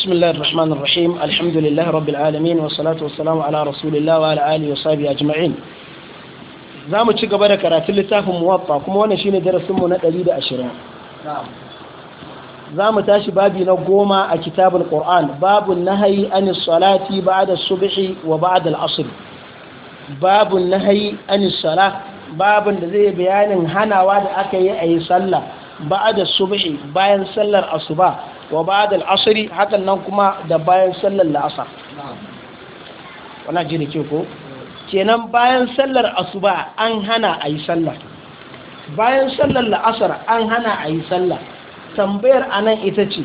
بسم الله الرحمن الرحيم الحمد لله رب العالمين والصلاة والسلام على رسول الله وعلى آله وصحبه أجمعين زامو تشيك بركة راتل لتاف موطا كما وانا شين درس منا تليد أشرين زامو تاشي بابي نقوما كتاب القرآن باب النهي عن الصلاة بعد الصبح وبعد العصر باب النهي عن الصلاة باب الذي بيان هنا وعد أكي أي صلى بعد الصبح بيان صلى الأصبح wa ba'da al-asr hakan nan kuma da bayan sallar la'asar Wana ji da ke ko kenan bayan sallar asuba an hana a yi sallah bayan sallar la'asar an hana a yi sallah tambayar a nan ita ce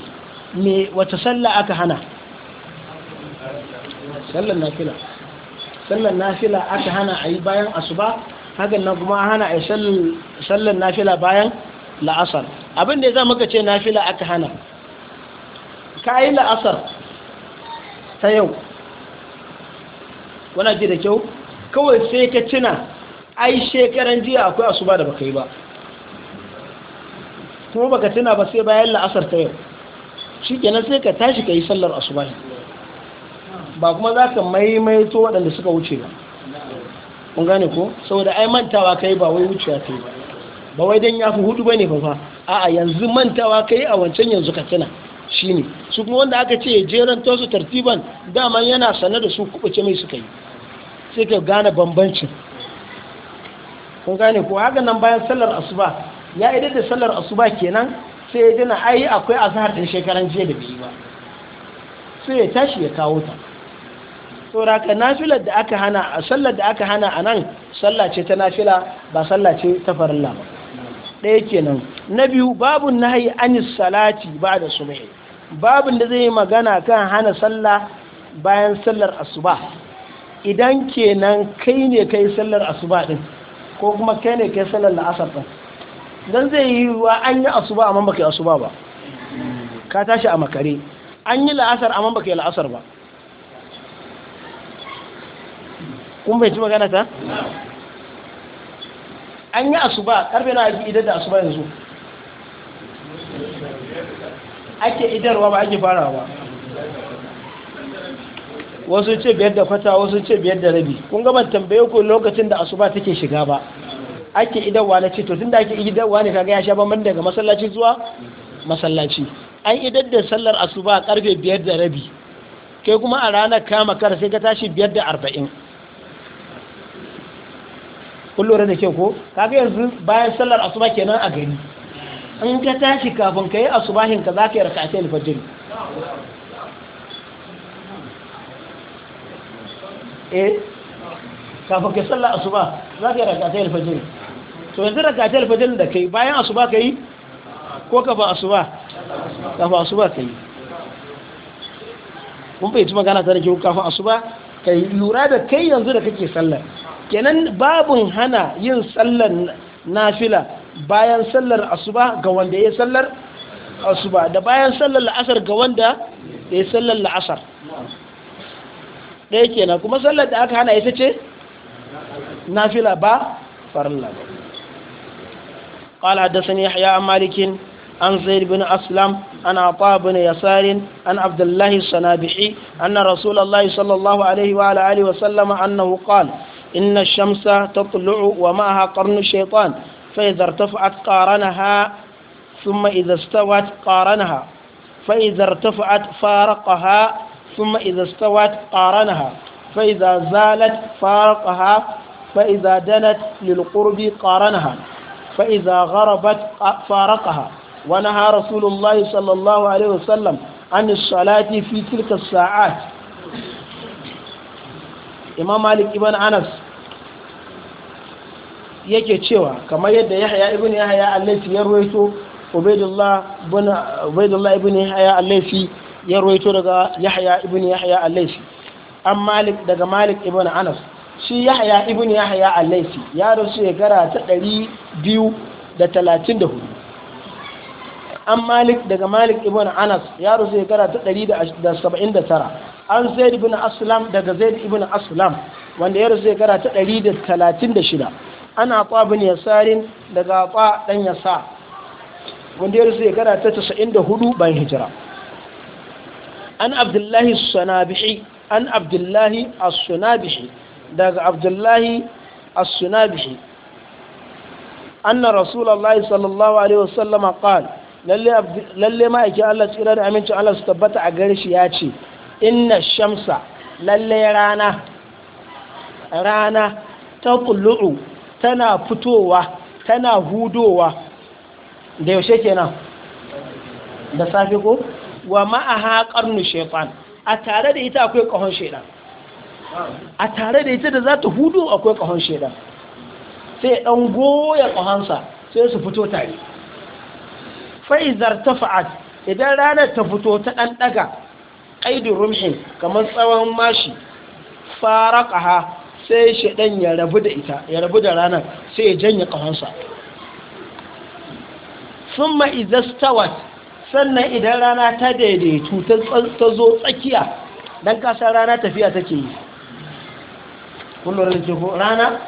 me wata sallah aka hana sallar nafila sallar nafila aka hana a yi bayan asuba hakan nan kuma hana a yi sallar nafila bayan la'asar abin da ya za muka ce nafila aka hana ka yi la'asar ta yau wana ji da kyau kawai sai ka cina ai shekaran jiya akwai asuba da baka yi ba kuma baka tuna ba sai bayan la'asar ta yau shi kenan sai ka tashi ka yi sallar asuba ba kuma za ka maimaito waɗanda suka wuce ba kun gane ko saboda ai mantawa ka yi ba wai wuciya ta yi ba ba wai don ya fi hudu ba ne ba fa a'a yanzu mantawa ka yi a wancan yanzu ka tuna shi ne su kuma wanda aka ce jeran tosu tartiban dama yana sanar da su kubace mai suka yi sai ka gane bambancin kun gane ko haka nan bayan sallar asuba ya idar da sallar asuba kenan sai ya jina ai akwai azhar din shekaran jiya da biyu ba sai ya tashi ya kawo ta saboda ka nafilar da aka hana a sallar da aka hana a nan sallah ce ta nafila ba sallah ce ta farilla ba ɗaya kenan na biyu babu nahi anis salati ba da sumai babin da zai yi magana kan hana sallah bayan sallar asuba idan kenan kai ne kai sallar asuba din ko kuma kai ne kai sallar la'asar din don zai yi wa an yi asuba amma baka yi asuba ba ka tashi a makare an yi la'asar amma baka yi la'asar ba kun bai ci magana ta an yi asuba karfe na haifi idan da asuba yanzu ake idarwa ba ake farawa ba wasu ce biyar da kwata wasu ce biyar da rabi kun ga ban tambaye ku lokacin da asuba take shiga ba ake idarwa na ce to tunda ake idarwa ne kaga ya sha ban daga masallaci zuwa masallaci an idar da sallar asuba a karfe biyar da rabi kai kuma a ranar kama kar sai ka tashi biyar da arba'in kun da kyau ko kaga yanzu bayan sallar asuba kenan a gari in ka tashi kafin ka yi asubahin ka za ka yi raka'atai alfajiri eh kafin ka a suba za ka yi raka'atai alfajiri to yanzu raka'atai alfajiri da ka yi, bayan asuba ka yi ko kafa asuba kafa suba ka yi kun fahimci magana ta rikin ke kafin asuba ka yi lura da kai yanzu da kake sallar kenan babin hana yin sallar nafila bayan sallar asuba ga wanda ya sallar asuba da bayan sallar la'asar ga wanda ya sallar la'asar ɗaya kenan kuma sallar da aka hana ita ce nafila ba farilla ba قال حدثني يحيى Malikin, an عن زيد بن an عن عطاء بن يسار عن عبد الله na أن رسول الله صلى الله عليه وعلى آله وسلم إن الشمس تطلع ومعها قرن الشيطان فإذا ارتفعت قارنها ثم إذا استوت قارنها فإذا ارتفعت فارقها ثم إذا استوت قارنها فإذا زالت فارقها فإذا دنت للقرب قارنها فإذا غربت فارقها ونهى رسول الله صلى الله عليه وسلم عن الصلاة في تلك الساعات إمام مالك ابن أنس yake cewa kamar yadda yahya ibn yahya allafi ya ruwaito ubaidullah ibn yahya allafi ya ruwaito daga yahya ibn yahya allafi an malik daga malik ibn anas shi yahya ibn yahya allafi ya rasu shekara ta 234 an malik daga malik ibn anas ya rasu shekara ta 179 an zaid ibn aslam daga zaid ibn aslam wanda ya rasu shekara ta 136 ana fa bin yasarin daga fa dan yasa wanda ya rusu shekara ta 94 bayan hijira an abdullahi as-sunabihi an abdullahi as-sunabihi daga abdullahi as-sunabihi anna rasulullahi sallallahu alaihi wasallam qala lalle ma yake Allah tsira da amincin Allah su tabbata a gare shi ya ce inna shamsa lalle rana rana ta kullu'u tana fitowa tana hudowa da yaushe kenan da safe ko wa ma'aha qarnu shaytan a tare da ita akwai kahon a tare da ita da za ta hudu akwai kahon shaytan sai dan goya kahonsa sai su fito tare faizar tafa'at idan ranar ta fito ta dan daga ƙaidin rumhin kamar tsawon mashi faraqaha sai shaidan ya rabu da ita ya rabu da ranar sai ya janye ƙahonsa sun ma'izastawat sannan idan rana ta daidaitu ta zo tsakiya don kasar rana tafiya take yi kullum da ko rana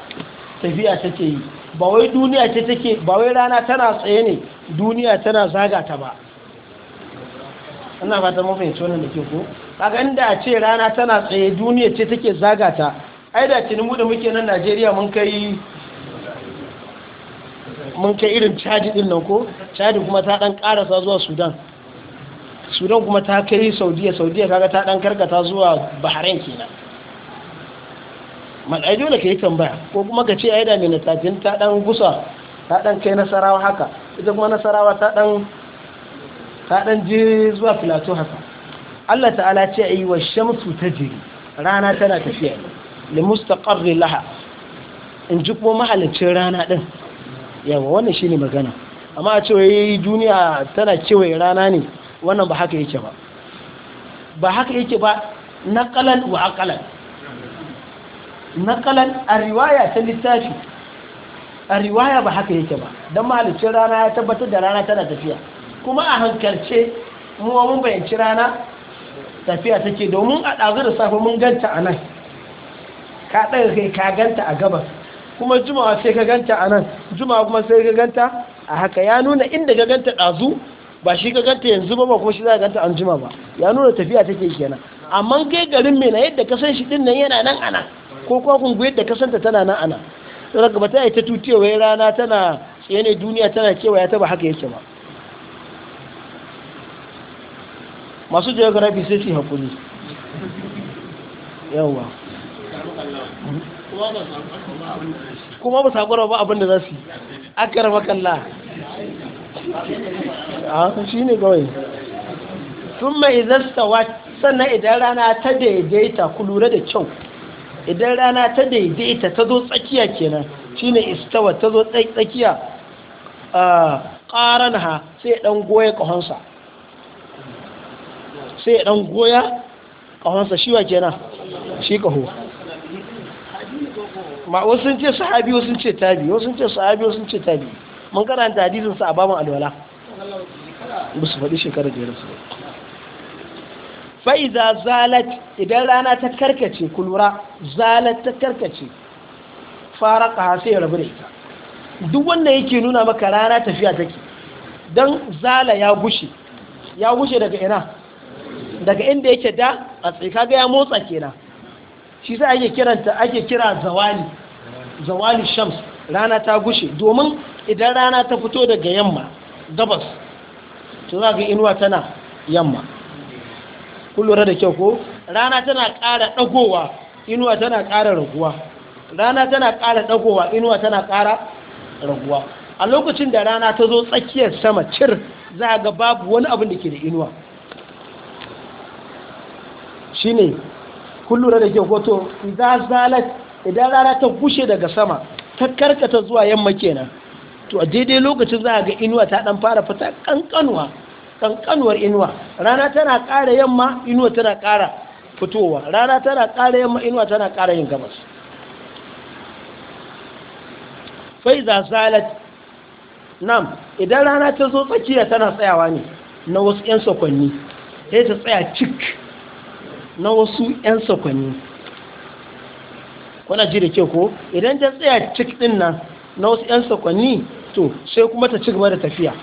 tafiya take yi ba wai duniya ce take ba wai rana tana tsaye ne duniya tana zaga ta ba ina fata mafi wannan da ke ko kaga inda a ce rana tana tsaye duniya ce take zaga ta ai da mu da muke nan najeriya mun kai mun kai irin caji din nan ko caji kuma ta dan karasa zuwa sudan sudan kuma ta kai saudiya saudiya kaga ta dan karkata zuwa bahrain kenan man ai dole ka yi tambaya ko kuma ka ce ai da mai natafin ta dan gusa ta dan kai nasarawa haka ita kuma nasarawa ta dan ta dan je zuwa filato haka Allah ta'ala ce yi wa shamsu jiri rana tana tafiya ne limustaqarri laha in ji kuma mahalicin rana din yawa wannan shine magana amma a cewa yi duniya tana kewaye rana ne wannan ba haka yake ba ba haka yake ba na ƙalan wa na ƙalan a riwaya ta littafi a riwaya ba haka yake ba don mahalicin rana ya tabbatar da rana tana tafiya kuma a hankalce mu mun bayanci rana tafiya take domin a ɗazu da safe mun ganta a nan ka ɗaga kai ka ganta a gabas kuma juma'a sai ka ganta a nan juma'a kuma sai ka ganta a haka ya nuna inda ka ganta ɗazu ba shi ka ganta yanzu ba ba kuma shi za ka ganta an juma ba ya nuna tafiya take kenan amma kai garin mai na yadda ka san shi din nan yana nan ana ko kuma kun yadda ka tana nan ana saboda gaba ta yi ta tutewa rana tana tsaye ne duniya tana kewa ya taba haka yake ba masu geography sai su haƙuri yawwa kuma ba saƙura ba abinda za su yi akar makalla a shi ne gawai sun mai zastawa sannan idan rana ta daidaita ku lura da kyau idan rana ta daidaita ta zo tsakiya kenan shi ne istawa ta zo tsakiya ƙaran ha sai ɗan goya ƙahonsa sai ɗan goya ƙahonsa shi wa kenan shi ƙahonsa ma wasu sun ce sahabi wasu sun ce tabi wasu ce sahabi wasu ce tabi mun karanta hadisin sa a babu alwala musu faɗi shekarar da ya rasu fa'iza zalat idan rana ta karkace kulura zalat ta karkace fara ƙaha sai ya rabu da ita duk wanda yake nuna maka rana tafiya take don zala ya gushe ya gushe daga ina daga inda yake da a tsaye kaga ya motsa kenan shi sai ake kiranta ake kira zawali zawali shams rana ta gushe domin idan rana ta fito daga yamma gabas to za ga inuwa tana yamma kullura da kyau ko rana tana ƙara ɗagowa inuwa tana ƙara raguwa rana tana ƙara ɗagowa inuwa tana ƙara raguwa a lokacin da rana ta zo tsakiyar sama cir za ga babu wani abin da ke da inuwa shine kun lura da ke goto idan zalat idan rana ta gushe daga sama ta karkata zuwa yamma kenan to a daidai lokacin za a ga inuwa ta dan fara fita kankanuwa kankanuwar inuwa rana tana ƙara yamma inuwa tana ƙara fitowa rana tana ƙara yamma inuwa tana ƙara yin gabas faiza zalat nam idan rana ta zo tsakiya tana tsayawa ne na wasu 'yan sakonni sai ta tsaya cik na wasu 'yan sakwanni kuna ji da ke ko idan ta tsaya cik din nan na wasu 'yan sakwanni to sai kuma ta ci gaba da tafiya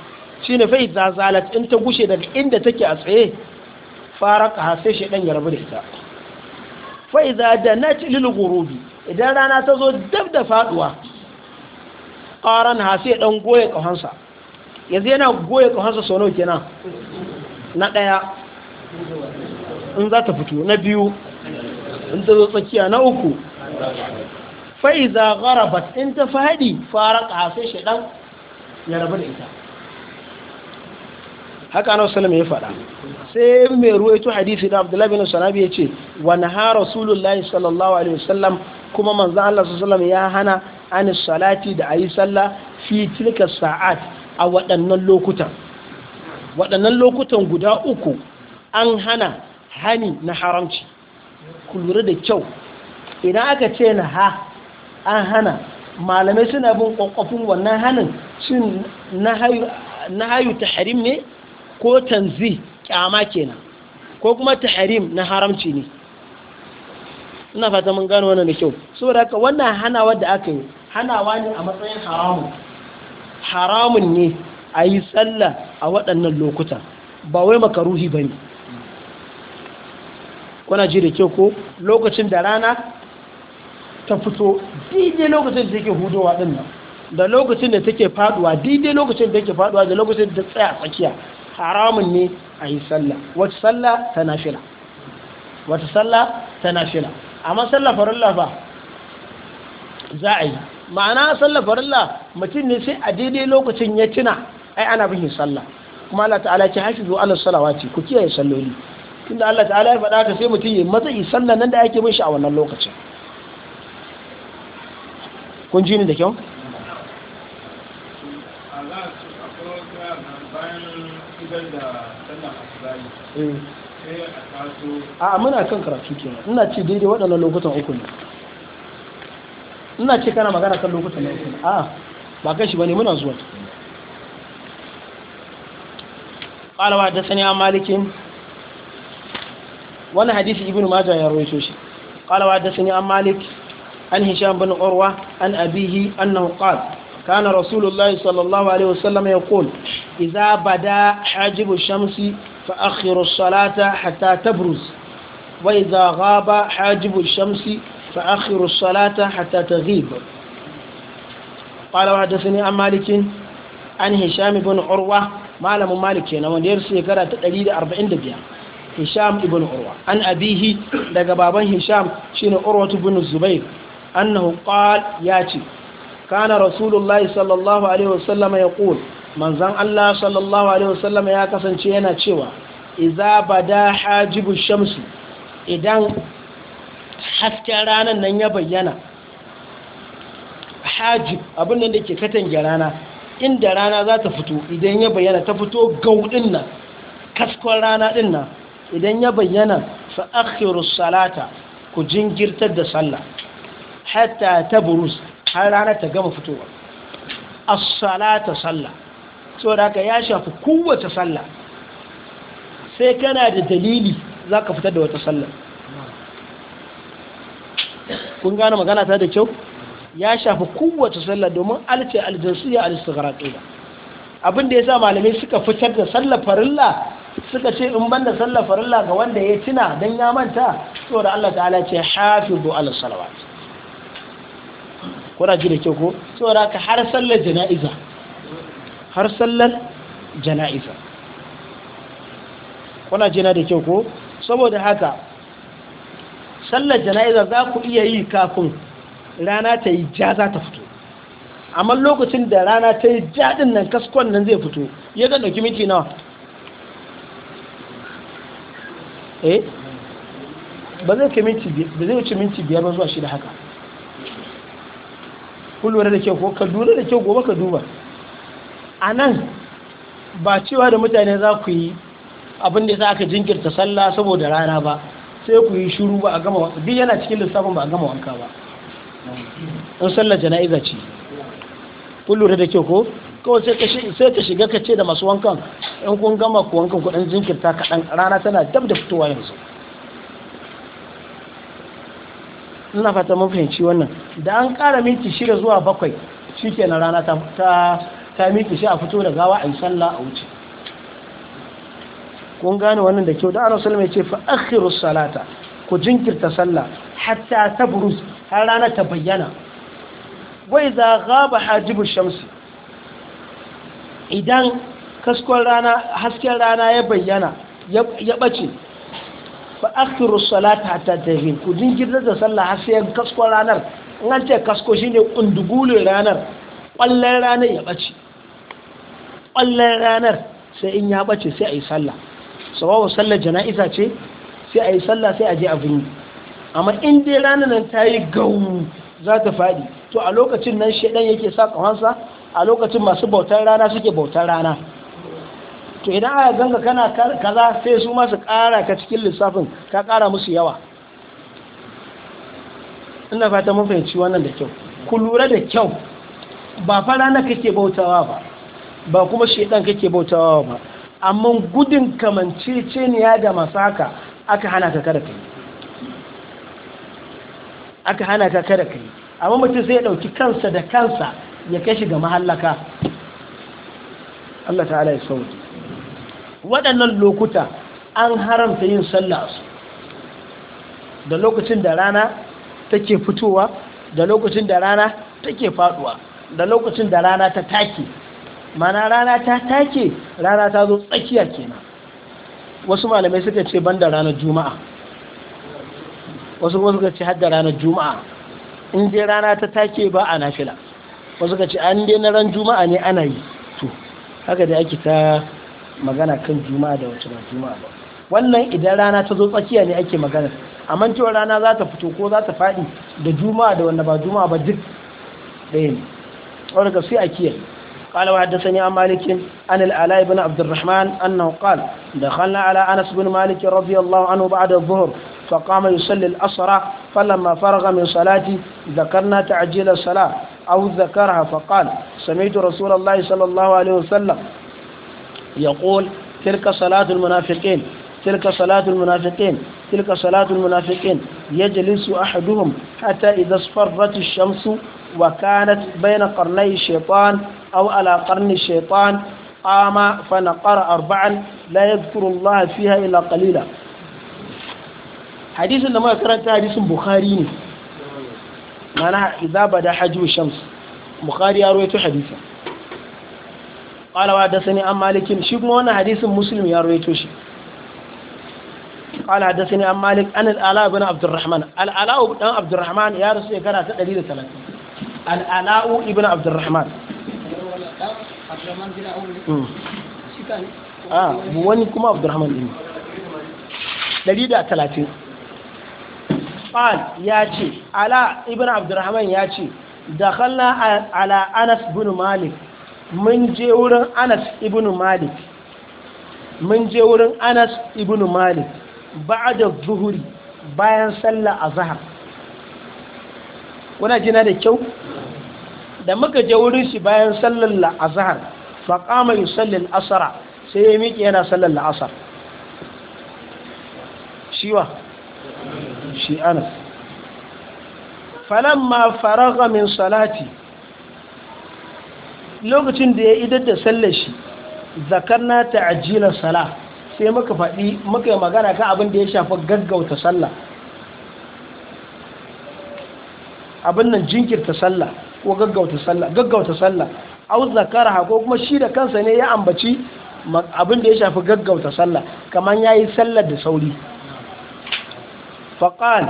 shi ne fai zazalat in ta gushe daga inda take a tsaye fara ka sai ɗan ya rabu da ita fai za da na ci gurubi idan rana ta zo dab da faduwa ƙaran ha sai ɗan goye ƙahansa yanzu yana goya ƙahansa sau nawa kenan na ɗaya in za ta fito na biyu in ta zo tsakiya na uku fa'iza gharabat in ta faɗi faraka sai ɗan ya rabu da ita haka na wasu ya faɗa sai mai ruwaito hadisi da abdullahi bin sanabi ya ce wani ha rasulullahi sallallahu alaihi wasallam kuma manzo Allah sallallahu alaihi ya hana an salati da ayi sallah fi tilka sa'at a waɗannan lokutan waɗannan lokutan guda uku an hana hani na haramci ku lura da kyau idan aka ce na ha an hana malamai suna bin kwakwafin wannan hanin shin na hayu ta harim ne ko tanzi kyama kenan ko kuma ta harim na haramci ne ina fata mun gano wannan da kyau saboda haka wannan hanawa da aka yi hanawa ne a matsayin haramu. haramun ne a yi tsalla a waɗannan lokutan ba wai makaruhi ba ne kuna ji da ke ko lokacin da rana ta fito daidai lokacin da take hudowa din nan da lokacin da take faduwa daidai lokacin da take faduwa da lokacin da tsaya tsakiya haramun ne a yi sallah wata sallah ta nashila wata sallah ta nashila amma sallah farilla ba za a yi ma'ana sallah farilla mutum ne sai a daidai lokacin ya tuna ai ana bihin sallah kuma Allah ta'ala ce hafizu ala salawati ku kiyaye salloli tunda Allah ta'ala ya faɗa ka sai mutum ya matsayi sallan nan da ake mishi a wannan lokacin kun ji ni da kyau eh. a muna kan karatu kenan ina ce daidai waɗannan lokutan uku ne ina ce kana magana kan lokutan na uku a ba kan shi ba ne muna zuwa ƙalawa wa da sani malikin wani hadisi ibn majah ya rawaito shi qala wa dasani an malik an hisham bin urwa an abihi annahu qala kana rasulullah sallallahu alaihi wasallam yaqul idza bada hajibu shamsi fa akhiru salata hatta tabruz wa idza ghaba hajibu shamsi fa akhiru as-salata hatta taghib قال وحدثني an مالك an هشام بن عروة malamin malik kenan wanda ya rasu shekara ta 145 hisham ibn urwa an abihi daga baban hisham shine urwa ibn zubair annahu qala yace kana rasulullahi sallallahu alaihi wasallam yaqul manzan Allah sallallahu alaihi wasallam ya kasance yana cewa idza bada hajibu shamsi idan hasken ranar nan ya bayyana hajib abin nan da ke katange rana inda rana za ta fito idan ya bayyana ta fito gaudin nan kaskon rana din nan idan ya bayyana fa akhiru salata ku jingirtar da sallah hatta burus har rana ta gama fitowa as-salata sallah saboda haka ya shafi kowace sallah sai kana da dalili zaka fitar da wata sallah kun gane magana ta da kyau ya shafi kowace sallah domin alce aljinsiya al-istighraqiyya abin da yasa malamai suka fitar da sallar farilla suka ce in banda sallah farilla ga wanda ya tuna dan ya manta da Allah ta'ala ce hafizu ala salawat kuna ji da kyau ko da ka har sallar jana'iza har sallar jana'iza kuna jina da kyau ko saboda haka sallar jana'iza za ku iya yi kafin rana ta yi ja za ta fito amma lokacin da rana ta yi jadin nan kaskon nan zai fito ya ga dokumenti nawa eh ba zai wuce minti biyar ba zuwa shida haka kullum da kyau ko ka da kyau gobe ka duba a nan ba cewa da mutane za ku yi abin da za ka jinkirta sallah saboda rana ba sai ku yi shuru ba a gama wanka duk yana cikin lissafin ba a gama wanka ba in sallar jana'iza ce kullum da kyau ko kawai sai ka shiga ka ce da masu wankan in kun gama ku wankan kudin jinkirta kaɗan rana tana dab da fitowa yanzu ina fata mun fahimci wannan da an ƙara minti shida zuwa bakwai shi ke na rana ta minti shi a fito da gawa a yi sallah a wuce kun gane wannan da kyau da ana salama ya ce fa akhiru salata ku jinkirta sallah hatta ta buruz har rana ta bayyana wai za gaba hajibu shamsi idan kaskon rana hasken rana ya bayyana ya bace fa akhiru salata ta tafi ku da sallah har sai kaskon ranar in an ce kasko shine kundugulin ranar ƙwallon ranar ya bace ƙwallon ranar sai in ya bace sai ayi sallah sawawa sallar jana'iza ce sai ayi sallah sai a je a binni amma in dai ranar nan ta yi gau za ta faɗi to a lokacin nan shaidan yake sa kawansa a lokacin masu bautar rana suke bautar rana to idan aka ganga kana kaza sai su masu ƙara ka cikin lissafin ka ƙara musu yawa ina fata mun fahimci wannan da kyau ku lura da kyau ba fa rana kake bautawa ba ba kuma shedan kake bautawa ba amma gudun kamanceceniya da masaka aka hana ka kada kai aka hana ka kada kai amma mutum sai ya dauki kansa da kansa ya kai shi ga mahallaka Allah ta'ala ya sauti waɗannan lokuta an haramta yin sallah su da lokacin da rana take fitowa da lokacin da rana take faduwa da lokacin da rana ta take mana rana ta take rana ta zo tsakiya kenan wasu malamai suka ce ban da ranar juma'a wasu kuma suka ce har da ranar juma'a in dai rana ta take ba a nafila wasu ka ce an dai na ran juma'a ne ana yi to haka da ake ta magana kan juma'a da wace ba juma'a ba wannan idan rana ta zo tsakiya ne ake magana amma cewa rana za ta fito ko za ta faɗi da juma'a da wanda ba juma'a ba duk ɗaya ne wanda ka sai a kiyaye قال وحدثني عن مالك عن العلاء بن عبد الرحمن أنه قال دخلنا على أنس بن مالك رضي الله عنه بعد الظهر فقام يصلي الأسرى فلما فرغ من صلاته ذكرنا تعجيل الصلاة أو ذكرها فقال سمعت رسول الله صلى الله عليه وسلم يقول تلك صلاة المنافقين تلك صلاة المنافقين تلك صلاة المنافقين يجلس أحدهم حتى إذا اصفرت الشمس وكانت بين قرني الشيطان أو على قرن الشيطان قام فنقر أربعا لا يذكر الله فيها إلا قليلا حديث لما كانت حديث بخاري mana idza bada hajju shams bukhari ya rawaito hadisin qala wa dasani an malikin shi kuma wannan hadisin muslim ya rawaito shi قال حدثني عن مالك أن الآلاء بن عبد الرحمن الآلاء بن عبد الرحمن يا رسول كان تدليل ثلاثة الآلاء ابن عبد الرحمن آه وين كم عبد الرحمن دليل ثلاثين qal ya ce ala ibn abdurrahman ya ce dakhalna ala anas ibn malik mun je wurin anas ibn malik mun je انس ابن مالك بعد الظهر bayan azhar kuna jina da kyau da muka je wurin shi bayan sallar la'azhar fa qama yusalli al-asr sai ya miƙe yana sallar la'asar shi anas ma faraga min salati lokacin da ya idar da sallar shi zakarna ta'ajjila sala sai muka faɗi muka yi magana kan abin da ya shafa gaggauta sallah abin nan jinkirta sallah ko gaggauta sallah gaggauta sallah au zakaraha ko kuma shi da kansa ne ya ambaci abin da ya shafi gaggauta sallah kamar yayi sallar da sauri faƙal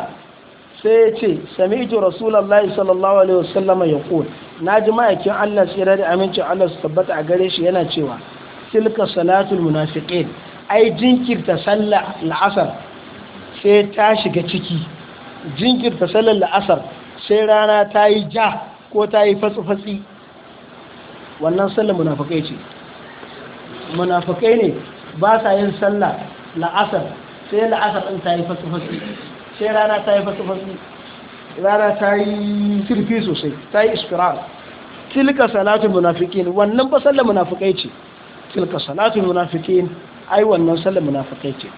sai ya ce sami ito rasulallah sallallahu alaihi wasallam ya ƙul na ji ma'aikin allah tsira da amincin allah su tabbata a gare shi yana cewa tilka salatul munafiqin ai jinkirta sallah la'asar sai ta shiga ciki jinkirta sallar la'asar sai rana ta yi ja ko ta yi fatsi-fatsi wannan sallar munafakai ce munafakai ne ba sa yin sallar la'asar sai la'asar ɗin ta yi fatsi-fatsi sai rana ta yi fasu-fasu rana ta yi kirfi sosai ta yi ispiral tilka salatun munafikin wannan ba sallar munafikai ce tilka salatun munafikin ai wannan sallar munafikai ce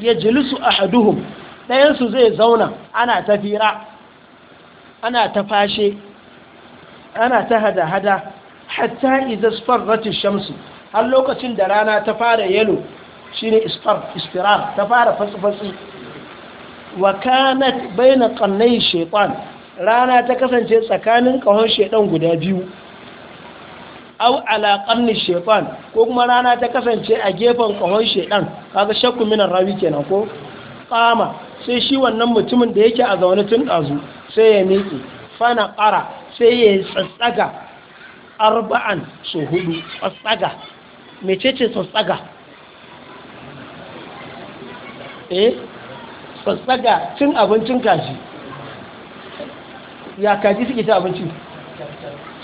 ya jilisu a haduhun ɗayansu zai zauna ana ta fira ana ta fashe ana ta hada-hada hatta izasfar ratin shamsu har lokacin da rana ta fara yalo shi ne ispiral ta fara fasu-fasu wa kanat baina qannai shaytan rana ta kasance tsakanin kahon shaytan guda biyu au ala qanni shaytan ko kuma rana ta kasance a gefen kahon shaytan kaga shakku minan rawi kenan ko qama sai shi wannan mutumin da yake a zaune tun dazu sai ya miƙe fana qara sai ya tsatsaga arba'an su hudu tsatsaga mecece tsatsaga eh tsatsaga cin abincin kaji ya kaji suke ta abinci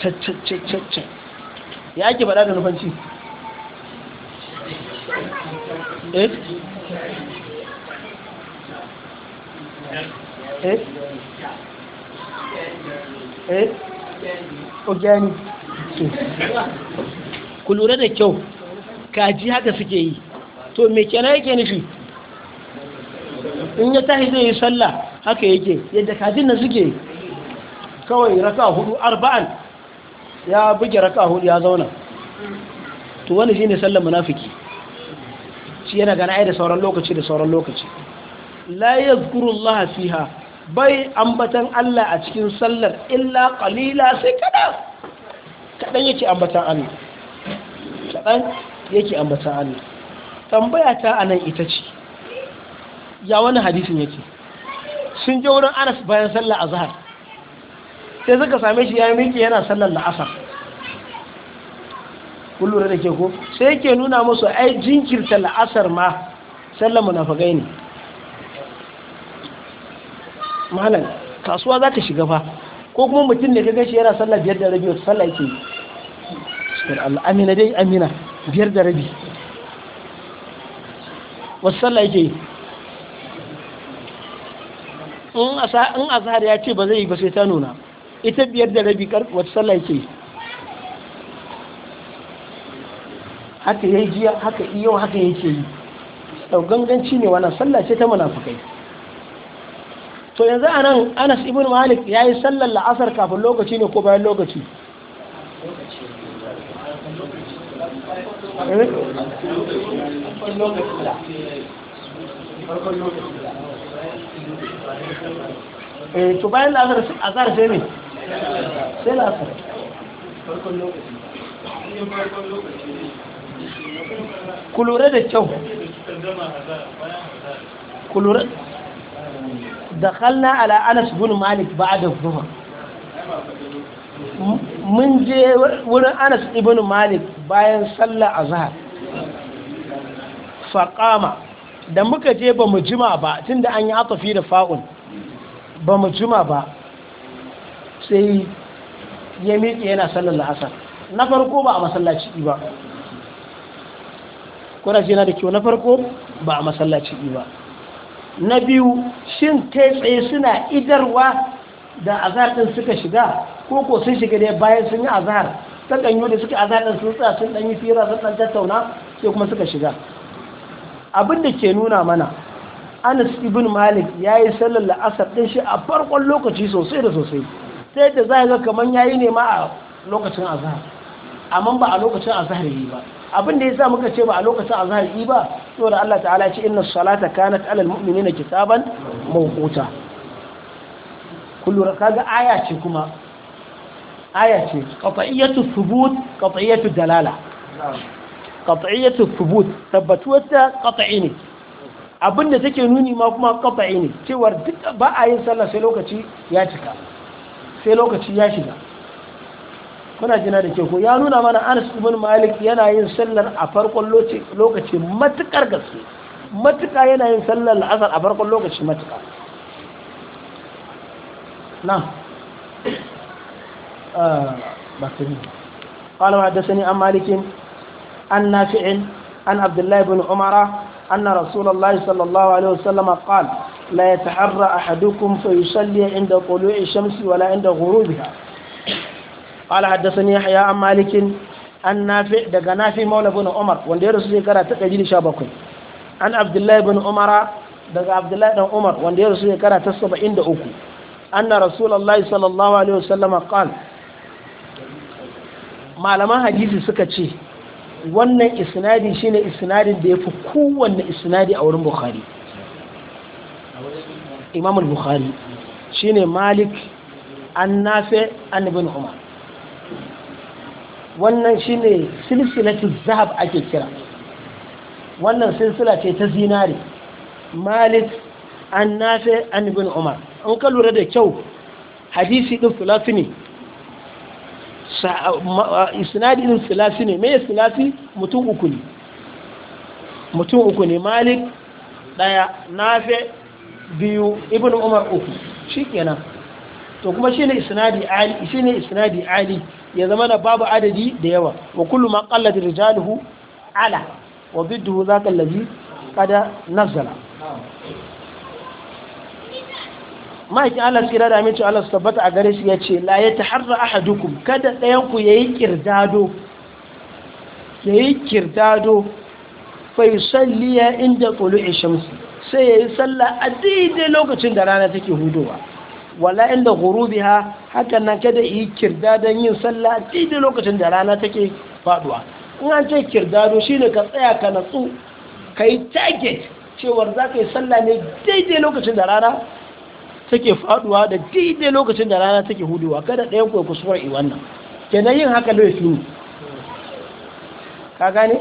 caccaccacce ya ake bada da nufanci eh eh eh ogani ku lura da kyau kaji haka suke yi to me kenan yake nufi in ya tahi zai yi sallah haka yake yadda kajin na suke kawai raka hudu arba'an ya buge raka hudu ya zauna to wani shi ne sallar munafiki shi yana gana ai da sauran lokaci da sauran lokaci la yazkurullaha fiha bai ambatan Allah a cikin sallar illa qalila sai kada kadan yake ambatan Allah kadan yake ambatan Allah tambaya ta anan ita ce ya wani hadisin yake sun je wurin anas bayan sallah azhar sai suka same shi ya miƙe yana sallar la'asar Kullum da ke ko sai yake nuna musu ai jinkirta la'asar ma sallar munafagai ne malam kasuwa za ka shiga fa ko kuma mutum ne ka shi yana sallar biyar da rabi wata sallah yake amina dai amina biyar da rabi wata sallah yake yi in azhar ya ce ba zai yi ba sai ta nuna ita biyar da rabi kar wata sallah yake haka yayi jiya haka yau haka yake yi sau ganganci ne wannan sallah ce ta munafikai to yanzu anan Anas ibn Malik yayi sallar la'asar kafin lokaci ne ko bayan lokaci eh? lokaci eh to bayan la'asar azhar sai ne sai la'asar farkon da kyau ku lura dakhalna ala anas bin malik ba'da dhuhr mun je wurin anas ibn malik bayan sallar azhar faqama da muka je ba mu jima ba tun da an yi atafi da fa'un ba mu jima ba sai ya miƙe yana sallar la'asar na farko ba a masallaci ba kuna ce yana da kyau na farko ba a masallaci ba na biyu shin kai tsaye suna idarwa da azar ɗin suka shiga ko ko sun shiga dai bayan sun yi azar sakan yi da suka azar ɗin sun tsaya sun dan yi fira sun ɗan tattauna sai kuma suka shiga abin da ke nuna mana anas ibn malik ya yi sallar la'asar ɗin shi a farkon lokaci sosai da sosai ta yadda za a ga kamar ya yi nema a lokacin azahar amma ba a lokacin azahar yi ba abin da ya sa muka ce ba a lokacin azahar yi ba da Allah ta'ala ce inna salata kanat alal mu'minina kitaban mawquta kullu kaga aya ce kuma aya ce qat'iyatu thubut qat'iyatu dalala qat'iyyatu thubut tabbatuwarta qat'i ne abinda take nuni ma kuma qat'i ne cewa duk ba a yin sallah sai lokaci ya cika sai lokaci ya shiga kuna jina da ke ko ya nuna mana Anas ibn Malik yana yin sallar a farkon lokaci matukar gaske matuka yana yin sallar la'asar a farkon lokaci matuka na ah, ba ta قال وحدثني عن مالك عن نافع عن عبد الله بن عمر أن رسول الله صلى الله عليه وسلم قال لا يتحرى أحدكم فيصلي عند طلوع الشمس ولا عند غروبها قال حدثني يحيى عن مالك عن نافع دغ نافع مولى بن عمر وان دير سي كرا تا 117 عن عبد الله بن عمر دغ عبد الله بن عمر وان دير سي كرا تا 73 أن رسول الله صلى الله عليه وسلم قال malaman hadisi suka ce wannan isnadi shine isnadin da ya fi kowanne isnadi a wurin bukhari imam al-bukhari shine malik an nafe an ibn umar wannan shine silsilatu zahab ake kira wannan silsila ce ta zinari malik an nafe an ibn umar an ka lura da kyau hadisi din filafini. isnadin silasi ne mai silasi mutum uku ne mutum uku ne malik daya nafe biyu ibn umar uku shi kenan to kuma shi ne isnadi ali shi ne isnadi ali ya zama na babu adadi da yawa wa kullu ma qallat rijaluhu ala wa bidduhu zaka allazi kada nazala ma'aikin Allah suke dada aminci Allah su tabbata a gare shi ya ce la ya taharra ahadukum kada ɗayan ku yayi kirdado yayi kirdado fa yusalli inda tulu'i shamsi sai yayi salla a daidai lokacin da rana take hudowa wala inda ghurubiha hakan nan kada yi kirdadon yin salla a daidai lokacin da rana take faduwa in an ce kirdado shine ka tsaya ka natsu kai target cewar za ka yi sallah ne daidai lokacin da rana take faduwa da daidai lokacin da rana take huduwa kada ɗayan ku kusurar i wannan kenan yin haka laifi ne ka gane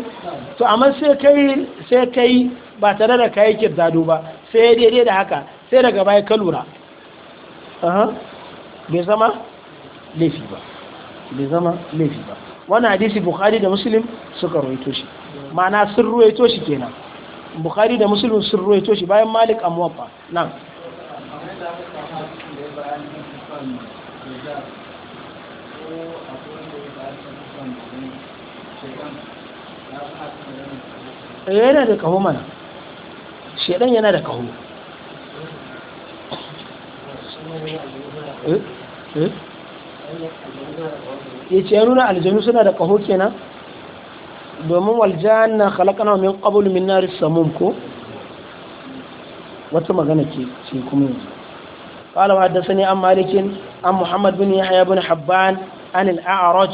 to amma sai kai sai kai ba tare da kayi kirdado ba sai daidai da haka sai daga baya ka lura aha bai zama laifi ba bai zama lafi ba wannan hadisi bukhari da muslim suka ruwaito shi ma'ana sun ruwaito shi kenan bukhari da muslim sun ruwaito shi bayan malik amwafa nan Eh, yana da kaho mana shedan yana da kaho eh, eh. ya ce nuna aljanu suna da kaho kenan domin waljan na halakana min ƙabul min nari samum ko wata magana ce kuma yanzu قال وحدثني عن مالك عن محمد بن يحيى بن حبان عن الأعرج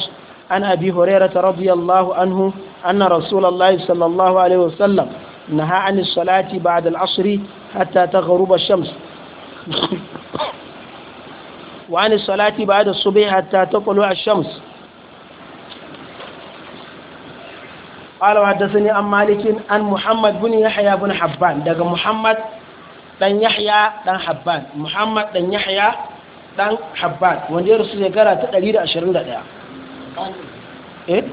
عن أبي هريرة رضي الله عنه أن رسول الله صلى الله عليه وسلم نهى عن الصلاة بعد العصر حتى تغرب الشمس وعن الصلاة بعد الصبح حتى تطلع الشمس قال وحدثني عن مالك عن محمد بن يحيى بن حبان دق محمد dan yahya dan habban muhammad dan yahya dan habban wanda ya rasu shekara ta 121 eh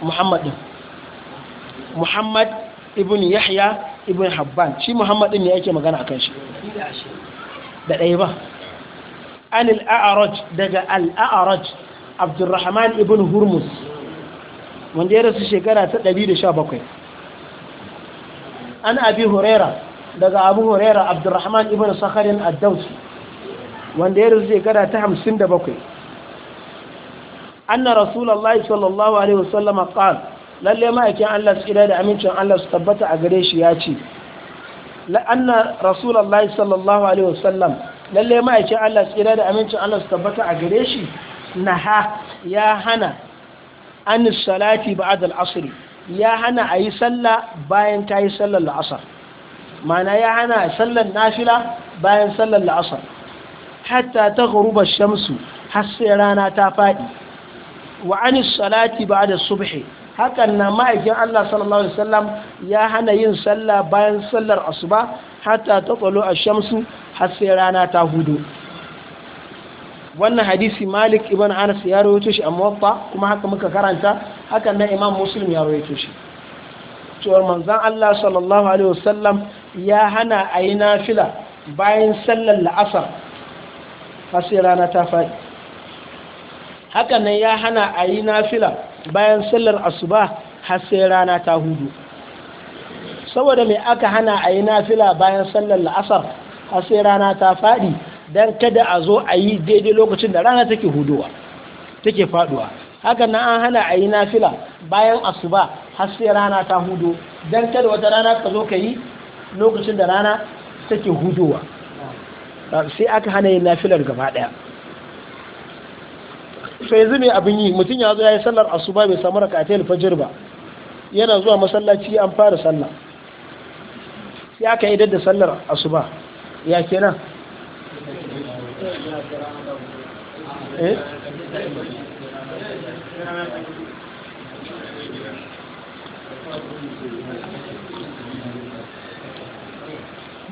muhammad din muhammad ibn yahya ibn habban shi muhammad din ne yake magana akan shi da ɗaya ba an al'a'araj daga al'a'araj abdurrahman ibn hurmus wanda ya rasu shekara ta 117 an abi huraira daga abu horera abdurrahman ibn sakharin ad-dawsi wanda ya rusu shekara ta da 57 anna rasulullahi sallallahu alaihi wasallam qala lalle ma'aikin Allah su da amincin Allah su tabbata a gare shi ya ce la anna rasulullahi sallallahu alaihi wasallam lalle ma'aikin Allah su da amincin Allah su tabbata a gare shi naha ya hana an salati ba'da al-asr ya hana ayi sallah bayan ta yi sallar la'asar mana ya hana sallar nafila bayan sallar la'asar hatta ta gharuba shamsu har rana ta faɗi wa'ani salati ba da subhi hakan na ma'aikin Allah sallallahu alaihi wasallam ya hana yin sallah bayan sallar asuba hatta ta tsalo a shamsu har rana ta hudu wannan hadisi Malik ibn Anas ya rawaito shi a kuma haka muka karanta hakan na Imam Muslim ya rawaito shi cewar manzon Allah sallallahu alaihi wasallam ya hana a yi nafila bayan sallar la'asar har sai rana ta faɗi Hakanan ya hana a yi nafila bayan sallar asuba har sai rana ta hudu saboda mai aka hana a yi nafila bayan sallar la'asar har sai rana ta faɗi don kada a zo a yi daidai lokacin da rana take hudowa take faduwa haka na an hana a yi nafila bayan asuba har sai rana ta hudu don kada wata rana ka zo ka yi lokacin da rana take hudowa ah, sai aka hana yin nafilar gaba daya sai yanzu mai abin yi mutum ya zo ya yi sallar asuba bai samu raka ta fajir ba yana zuwa masallaci an fara sallah sai aka yi da sallar asuba ya ke eh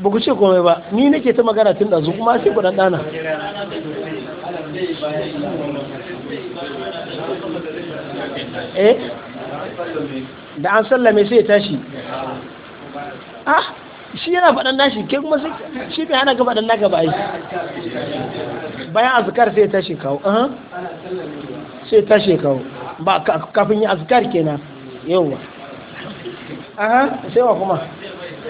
ba ku ce komai ba ni nake ta magana tun da kuma sai ku dan dana eh da an sallame sai ya tashi ah shi yana faɗan nashi ke kuma sai shi bai hana ga faɗan naka ba ai bayan azkar sai ya tashi kawo sai ya tashi kawo ba kafin yi azkar kenan yawwa aha sai wa kuma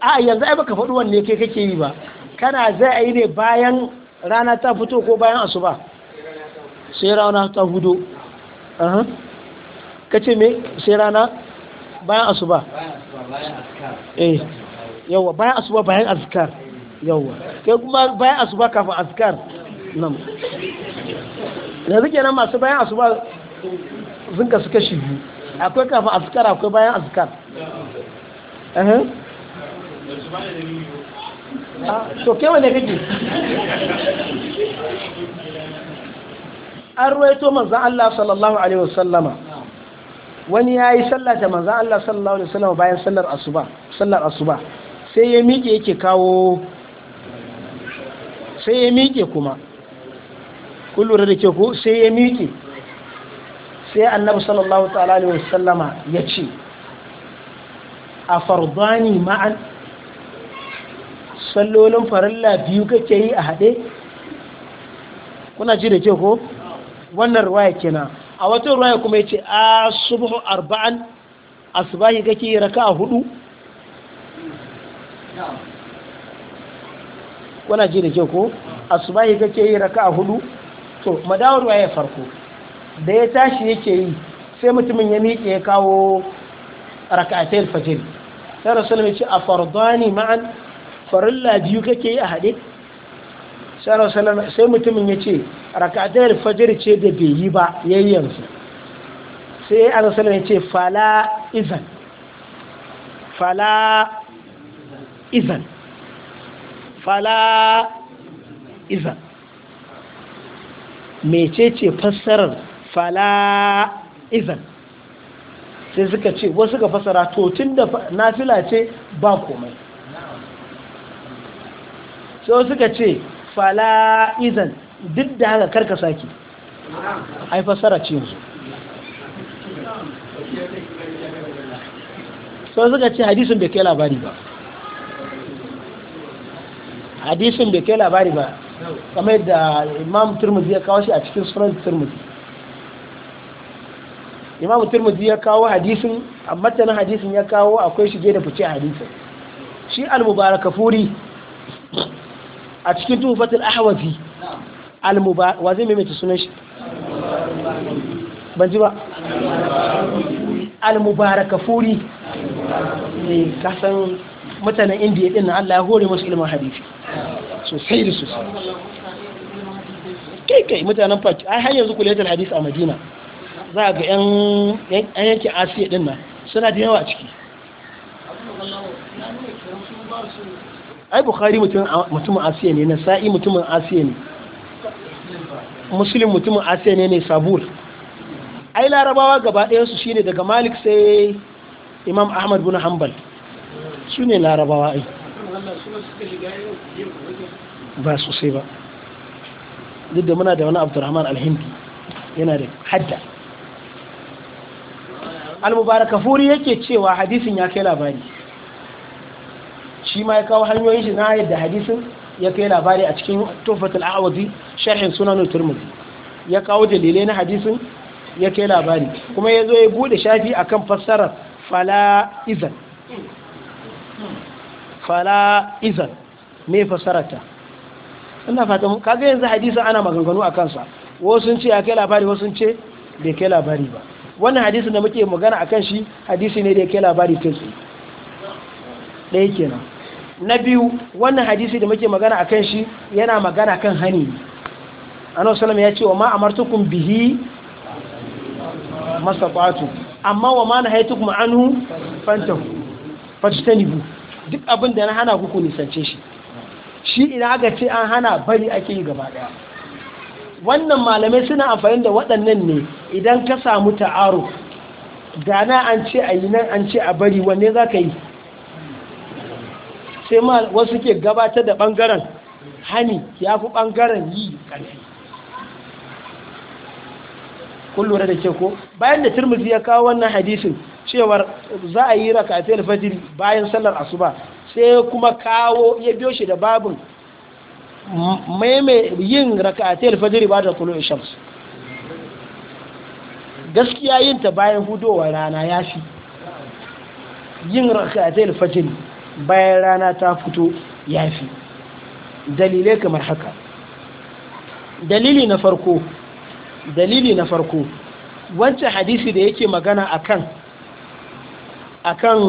a yanzu ai baka faɗi wanne kai kake yi ba kana zai a yi ne bayan rana ta fito ko bayan asuba sai rana ta hudo ka ce me sai rana bayan asuba eh yawa bayan asuba bayan azkar eh. yawa kai kuma bayan asuba kafin azkar nan yanzu kenan masu bayan asuba zinka suka kashi akwai kafin azkar akwai bayan azkar to kewa ne kake an ruwaito manzan Allah sallallahu Alaihi wasallama wani ya yi sallah da manzan Allah sallallahu Alaihi wasallama bayan sallar asuba sai ya miƙe yake kawo sai ya miƙe kuma kullum da ke ku sai ya miƙe sai annabi sallallahu Alaihi wasallama ya ce a farzani ma'an sallolin farilla biyu kake yi a haɗe kuna ji da ke ko wannan ruwaya kenan a wata ruwaya kuma ya ce a subuhu arba'an a asubahi kake yi raka a hudu kuna ji da ke ko a asubahi kake yi raka a hudu to madawar ruwaya farko da ya tashi yake yi sai mutumin ya miƙe ya kawo raka'atai fajiri. sai rasul ya ce a fardani ma'an farilla biyu kake yi a haɗe sai mutumin ya ce rakatayar fajir ce da bai yi ba yayi yanzu sai ana sanar ya ce fala izan fala izan fala izan mece ce fassarar fala izan sai suka ce wasu ka fasara to tun da nafila ce ba komai sai suka ce fala izan duk da haka karka saki ai fasara ce yanzu sai suka ce hadisin bai kai labari ba hadisin bai kai labari ba kamar da imam turmuzi ya kawo shi a cikin sunan turmuzi imamu turmuzi ya kawo hadisin matanin hadisin ya kawo akwai shige da fice a hadisin shi al-mubarakafuri a cikin tufatul ahwazi al-mubarak wa zai maimaita sunan shi ban ji ba al-mubarakafuri ne kasan mutanen indiya din na Allah ya hore musu ilimin hadisi sosai da sosai kai kai mutanen faki ai har yanzu kuletar hadisi a madina za a ga 'yan yankin asiya din nan suna da yawa ciki ai bukhari mutumin asiya ne na sa'i mutumin asiya ne musulun mutumin asiya ne ne sabur ai larabawa gaba su shi ne daga malik sai imam ahmad bin hanbal su ne larabawa ai ba sosai ba duk da muna da wani abdurrahman alhindi yana da hadda al-mubarakafuri yake cewa hadisin ya kai labari shi ma ya kawo hanyoyin shi na yadda hadisin ya kai labari a cikin tufatul a'awazi sharhin sunan turmuzi ya kawo dalilai na hadisin ya kai labari kuma ya zo ya bude shafi akan fassarar fala izan fala izan me fassararta ina fatan kaga yanzu hadisin ana maganganu a kansa wasu sun ce ya kai labari wasu sun ce bai kai labari ba wannan hadisin da muke magana a kan shi hadisi ne da yake labari kai su ɗaya kenan na biyu wannan hadisi da muke magana a kan shi yana magana kan hani annabi sallallahu ya ce wa ma amartukum bihi kwatu, amma wa ma anu anhu fantahu fajtanibu duk abin da na hana ku nisance shi shi ina aka ce an hana bari ake yi gaba daya wannan malamai suna amfani da waɗannan ne idan ka samu ta'aro gana an ce a yi nan an ce a bari wanne za ka yi sai ma wasu ke gabatar da ɓangaren hani ya fi ɓangaren yi ƙarfi kullum da ke ko bayan da turmuzi ya kawo wannan hadisin cewar za a yi raka a fajiri bayan sallar asuba sai kuma kawo ya biyo shi da babin maimai yin raka'atul fajr ba da shams gaskiya yin ta bayan hudowa rana ya fi yin raka'atul fajr bayan rana ta fito yafi, fi dalilai kamar haka dalili na farko dalili na farko wancan hadisi da yake magana akan akan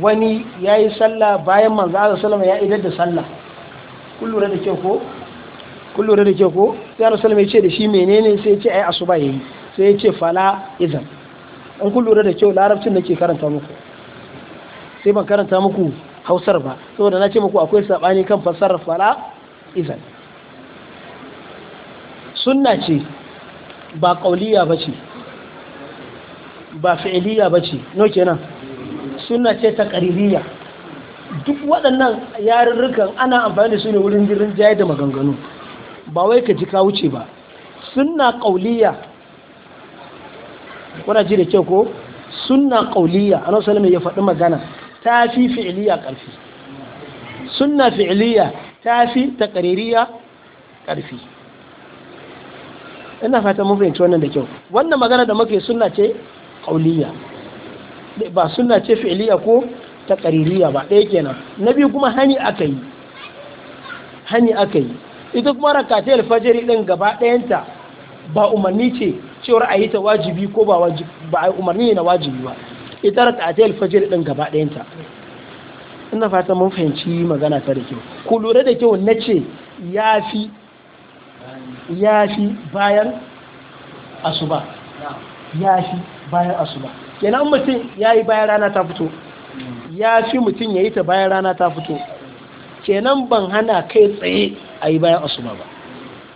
wani ya yi sallah bayan manzo Allah sallama ya idar da sallah Kullura da kyau ko kun da kyau ya ce da shi menene sai ya ce ai asuba yayi sai ya ce fala idan an kullura da kyau larabcin nake karanta muku sai ban karanta muku hausar ba saboda na ce muku akwai sabani kan fassarar fala idan sunna ce ba kauliya ba ce ba fi'iliya ba ce no kenan sunna ce ta ƙaririya duk waɗannan yarurrukan ana amfani da su ne wurin jirin jaya da maganganu ba wai ka ji ka wuce ba sunna ƙauliya kuna ji da kyau ko sunna ƙauliya a nan salama ya faɗi magana ta fi fi'iliya ƙarfi sunna fi'iliya ta fi taƙaririya ƙarfi ina fata mun fahimci wannan da kyau wannan magana da muke sunna ce ƙauliya ba sunna ce fi'iliya ko ta ƙaririya ba ɗaya kenan na biyu kuma hani aka yi hani aka yi ita kuma rakatai alfajiri ɗin gaba ɗayanta ba umarni ce cewar a yi ta wajibi ko ba a umarni na wajibi ba ita rakatai alfajiri ɗin gaba ɗayanta ina fata mun fahimci magana ta da kyau ku lura da kyau na ce ya fi ya fi bayan asuba ya fi bayan asuba kenan mutum ya yi bayan rana ta fito ya fi mutum ya yi ta bayan rana ta fito kenan ban hana kai tsaye a yi bayan asuba ba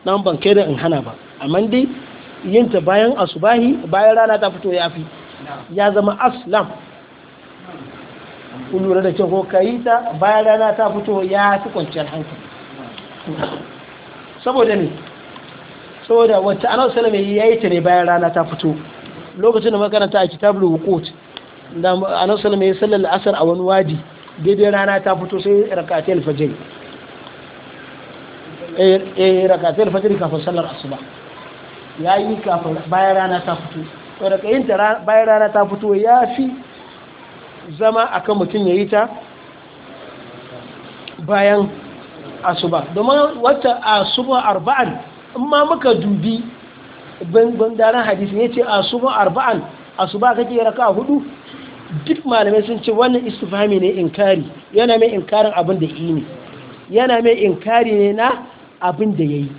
nan ban kai da in hana ba amma dai yin ta bayan asubahi bayan rana ta fito ya fi ya zama aslam kun lura da kyau ko ka yi ta bayan rana ta fito ya fi kwanciyar hankali saboda ne saboda wata anan salama ya yi ta ne bayan rana ta fito lokacin da makaranta a kitabul a nan salama ya sallar asar a wani wadi daidai rana ta fito sai rakatai alfajir eh, eh rakatai alfajir kafin sallar asuba ya yi kafin bayan rana ta fito rakayin ta bayan rana ta fito ya fi zama akan mutum ya yi ta bayan asuba domin wata asuba arba'an amma muka dubi bandaren hadisi ya ce asuba arba'an asuba kake raka'a hudu duk malamai sun ce wannan istifhami ne inkari yana mai inkarin abin da yi ne yana mai inkari ne na abin da yayi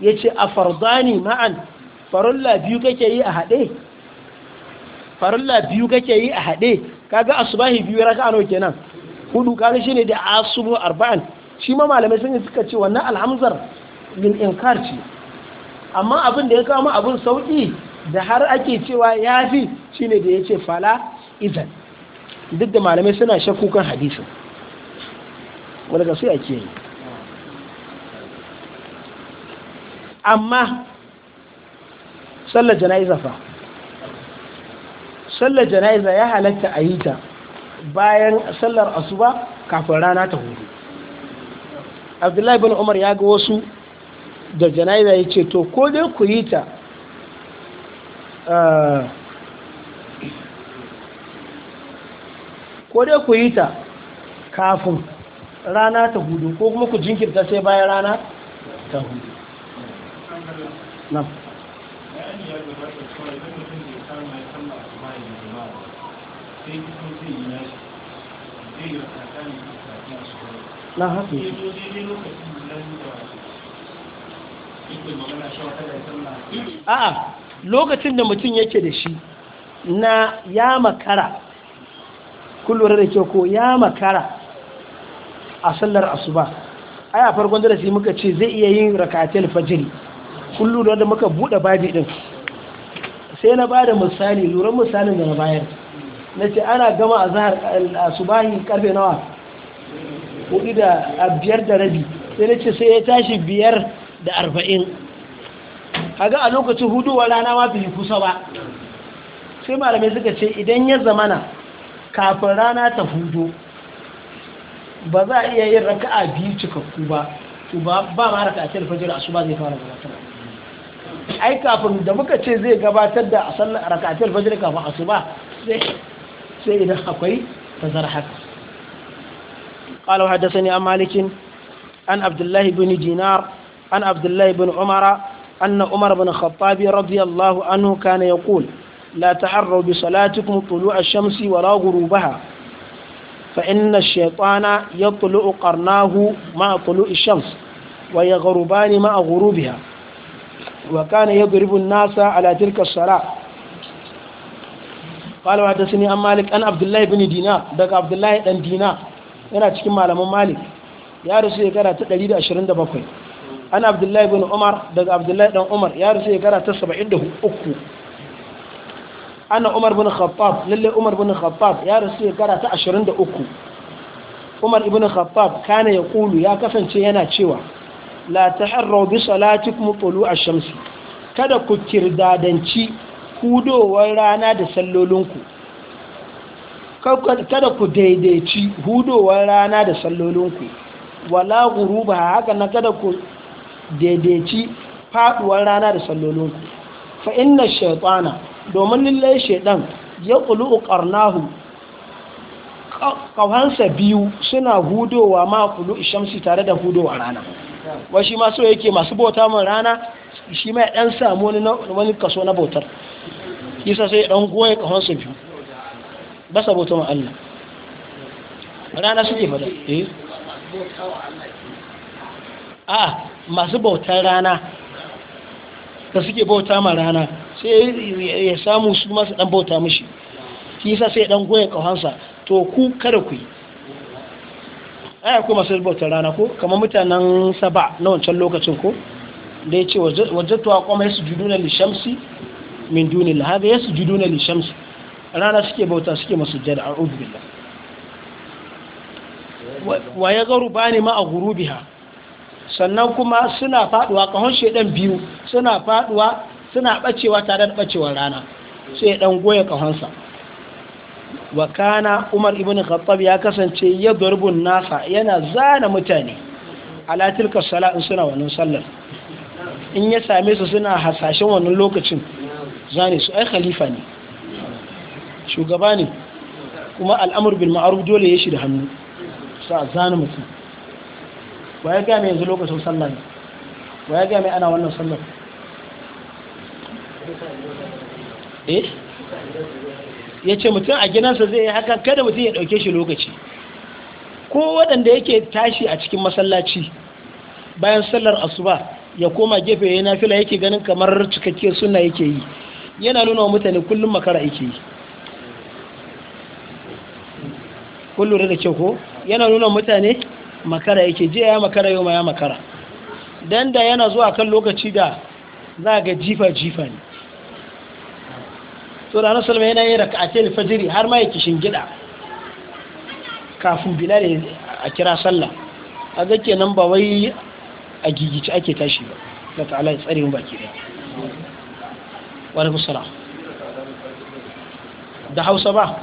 yace a fardani ma'an farulla biyu kake yi a hade farulla biyu kake yi a hade kaga asubahi biyu raka'a nawa kenan hudu kaga shine da asubu arba'an shi ma malamai sun suka ce wannan alhamzar lil inkarci amma abin da ya kama abin sauki da har ake cewa ya fi shi ne da ya ce fala izan duk da malamai suna shakukan hadisun wadda ga sai ake yi amma sallar jana'iza fa sallar jana'iza ya halatta a yi ta bayan sallar asuba kafin rana ta hudu abdullahi bin umar ya ga wasu da jana'iza ya ce to ko dai ku yi ta Eh, ko dai ku yi ta kafin rana ta hudu ko kuma ku jinkirta sai bayan rana ta hudu na a'a lokacin da mutum yake da shi na ya makara kullum da ke ko ya makara a sallar asuba ai a farkon darasi muka ce zai iya yin rakatel fajiri, kullum da muka bude babi din sai na da misali lura misalin da na bayar Na ce ana gama a zahar azhar asubahi karfe nawa hudu da biyar da rabi sai na ce sai ya tashi biyar da arba'in kaga a lokacin wa rana ma bai kusa ba sai malamai suka ce idan ya zamana kafin rana ta hudu ba za a iya yin raka'a biyu cikakku ba to ba ba ma raka'a ta su asuba zai fara gabatar ai kafin da muka ce zai gabatar da sallar raka'a ta fajr kafin asuba sai sai idan akwai tazar haka قال وحدثني عن مالك عن عبد الله بن دينار عن عبد الله بن عمر أن عمر بن الخطاب رضي الله عنه كان يقول لا تعروا بصلاتكم طلوع الشمس ولا غروبها فإن الشيطان يطلع قرناه مع طلوع الشمس ويغربان مع غروبها وكان يضرب الناس على تلك الصلاة قال وحدثني عن مالك أنا عبد الله بن دينار دك عبد الله بن دينار أنا تكلم على مالك يا رسول الله 127 an abdullahi bin umar daga abdullahi dan umar ya rasu shekara ta 73 ana umar bin khattab lalle umar bin khattab ya rasu shekara ta 23 umar ibn khattab kana ya kulu ya kasance yana cewa la taharraw bi salatikum tulu ash-shamsi kada ku kirdadanci hudowar rana da sallolinku kada ku daidaici hudowar rana da sallolinku wala guruba haka na kada ku daidaici faduwar rana da sallolinku fa inna shaytana domin lillahi shaydan ya qulu qarnahu kawansa biyu suna hudowa ma qulu shamsi tare da hudowa rana wa shi ma so yake masu bauta mun rana shi ma dan samu wani wani kaso na bautar isa sai dan goye kawansa biyu ba sa bauta Allah rana suke fada eh a masu bautar rana da suke bauta ma rana sai ya samu su masu dan bauta mishi kisa sai dan goye kawansa to ku kada ku yi aya masu bautar rana ko kamar mutanen saba na wancan lokacin ko da ya ce wajattu a kuma yasu juduna lishamsi min dunil hada yasu juduna lishamsi rana suke bauta suke masu jada a'udhu billah wa ya bani ma a gurubiha sannan kuma suna faduwa kahon shedan biyu suna faduwa suna bacewa tare da bacewar rana sai dan goye kahonsa wa kana umar ibn khattab ya kasance ya darbun nasa yana zana mutane ala tilka sala in suna wannan sallar in ya same su suna hasashen wannan lokacin zane su ai khalifa ne shugaba ne kuma al'amur bil ma'ruf dole ya shi da hannu sa zana mutum wa ya gaya yanzu lokacin sallar ne wa ya gaya ana wannan sallar eh? ya ce mutum a ginansa zai yi haka kada mutum ya dauke shi lokaci ko waɗanda yake tashi a cikin masallaci bayan sallar asuba ya koma gefe ya na fila yake ganin kamar cikakkiyar suna yake yi yana nuna wa mutane kullum makara yake yi kullum da ke ko yana nuna mutane makara yake je ya makara yau ma ya makara dan da yana zuwa kan lokaci da za ga jifa jifa ne to da nasu yana yin da fajiri har ma yake shingida kafin bilal a kira sallah a zake nan ba wai a gigici ake tashi ba da ta'ala ya tsare mu baki daya wa alaikum da Hausa ba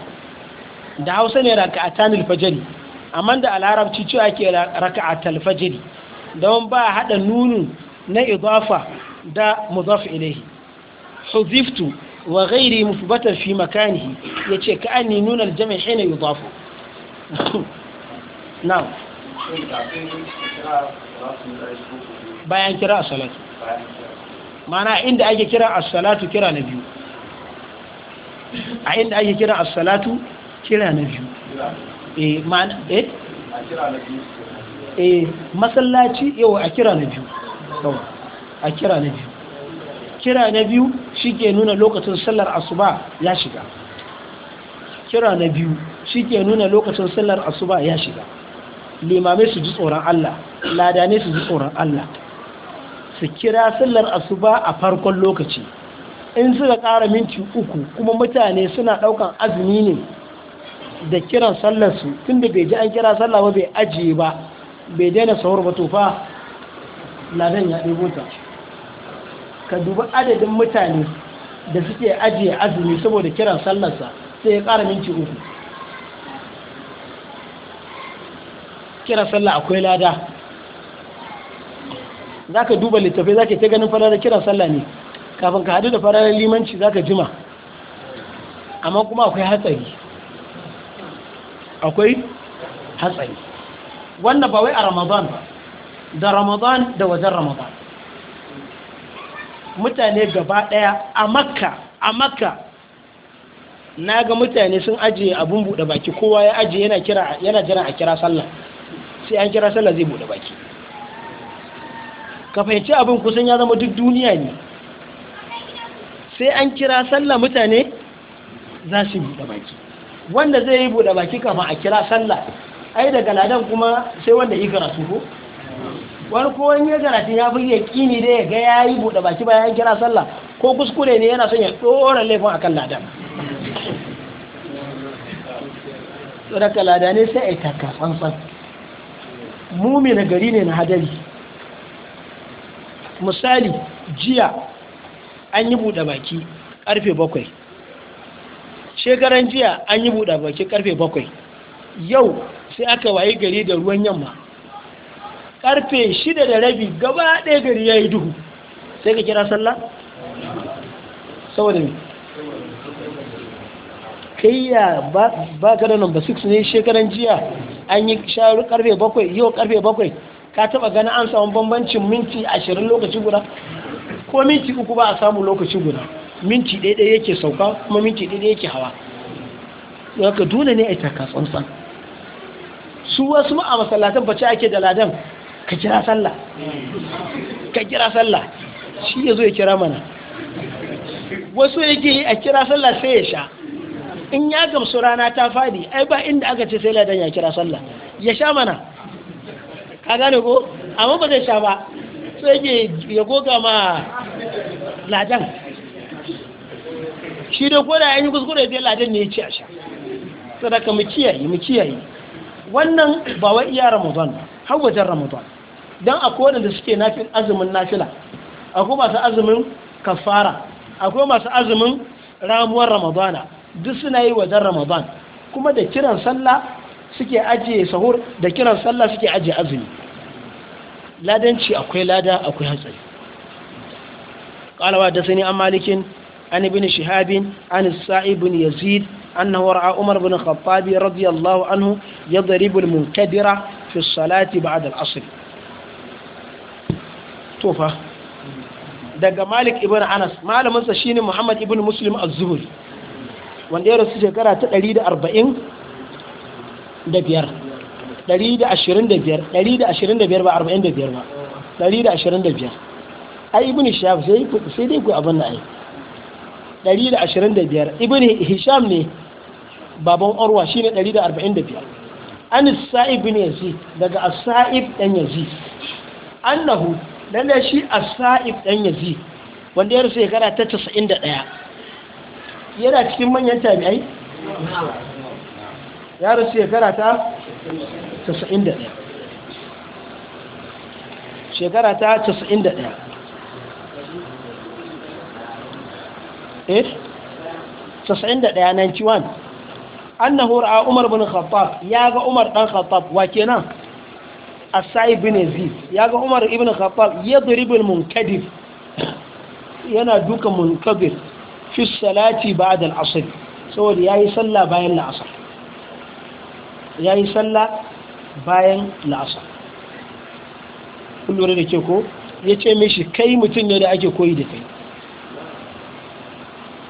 da Hausa ne raka'atul fajiri amma da a larabci cewa ake raka'at alfajiri don ba hada nunu na idafa da mudaf ilayhi huziftu wa ghairi musbatar fi makanihi ce ka anni nuna aljami hina yudafu now bayan kira a salatu mana inda ake kira a salatu kira na biyu a inda ake kira a salatu kira na biyu E ma'ana eh? Eh, masallaci yau a kira na biyu a kira na biyu kira na biyu shi ke nuna lokacin sallar asuba ya shiga kira na biyu shi ke nuna lokacin sallar asuba ya shiga limamai su ji tsoron Allah ladane su ji tsoron Allah su kira sallar asuba a farkon lokaci in suka ƙara minti uku kuma mutane suna ɗaukan azumi ne da kiran sallarsu tun da bai ji an kira sallah ba bai ajiye ba bai daina sahur ba tofa na zan ɗebo ta ka dubi adadin mutane da suke ajiye azumi saboda kiran sallarsa sai ya ƙara minti uku kiran sallah akwai lada za ka duba littafai za ka ta ganin fararar kiran sallah ne kafin ka hadu da fararar limanci za ka jima amma kuma akwai hatsari akwai hatsari wanda ba wai a ramadan ba da ramadan da wajen ramadan mutane gaba daya a makka a makka na ga mutane sun ajiye abun buɗe baki kowa ya ajiye yana kira yana jira a kira sallah sai an kira sallah zai buɗe baki ka fahimci abin kusan ya zama duk duniya ne sai an kira sallah mutane za su buɗe baki wanda zai yi buɗe baki kama a kira sallah ai daga ladan kuma sai wanda yi karatu ko wani ko wani ya karatu ya fi kini da ya ga ya yi buɗe baki bayan kira sallah ko kuskure ne yana son ya ɗora laifin a kan ladan tsoraka ne sai a yi tsantsan. mumi na gari ne na hadari misali jiya an yi buɗe baki ƙarfe bakwai shekaran jiya an yi buɗa baki karfe bakwai yau sai aka waye gari da ruwan yamma karfe shida da rabi gaba ɗaya gari ya yi duhu sai ka kira sallah saboda mai kayya ba ka da number 6 ne shekaran jiya an yi sharu karfe bakwai yau karfe bakwai ka taba gani an samu bambancin minti ashirin lokaci guda ko minti uku ba a samu lokaci guda minti ɗaiɗai yake sauka kuma minti ɗaiɗai yake hawa ka dole ne a yi takatsantsan su wasu a masallatan bace ake da ladan ka kira sallah ka kira sallah shi ya zo ya kira mana wasu yake yi a kira sallah sai ya sha in ya gamsu rana ta fadi ai ba inda aka ce sai ladan ya kira sallah ya sha mana ka gane ko amma ba zai sha ba sai ya goga ma ladan shi da koda ya yi kuskure sai ladan ne ya ci a sha sadaka mu kiyaye mu kiyaye wannan ba wai iya ramadan har wajen ramadan dan akwai wanda suke nafin azumin nafila akwai masu azumin kafara akwai masu azumin ramuwar ramadana duk suna yi wajen ramadan kuma da kiran sallah suke ajiye sahur da kiran sallah suke ajiye azumi ladanci akwai lada akwai hatsari قال وحدثني عن مالك عن ابن شهاب عن السائب بن يزيد أنه رأى عمر بن الخطاب رضي الله عنه يضرب المنكدرة في الصلاة بعد العصر توفى daga Malik ibn Anas malaminsa shine Muhammad ibn Muslim az-Zuhri wanda ya rasu shekara ta 140 da biyar 125 125 ba 45 ba 125 ai ibn Shihab sai sai dai ku abin nan ai 125 ibn hisham ne baban urwa shine 145 an sa'ib bin yazid daga as-sa'ib dan yazid annahu lalle shi as-sa'ib dan yazid wanda ya rasu shekara ta 91 yana cikin manyan tabi'ai ya rasu shekara ta 91 shekara ta eh 91 91 annahu ra'a umar bin khattab ya ga umar dan khattab wa kenan asai bin yazid ya ga umar ibn khattab yadribul munkadib yana duka munkabir fi salati ba'da al-asr saboda yayi sallah bayan la'asar yayi sallah bayan la'asar kullu da ke ko yace mishi kai mutun ne da ake koyi da kai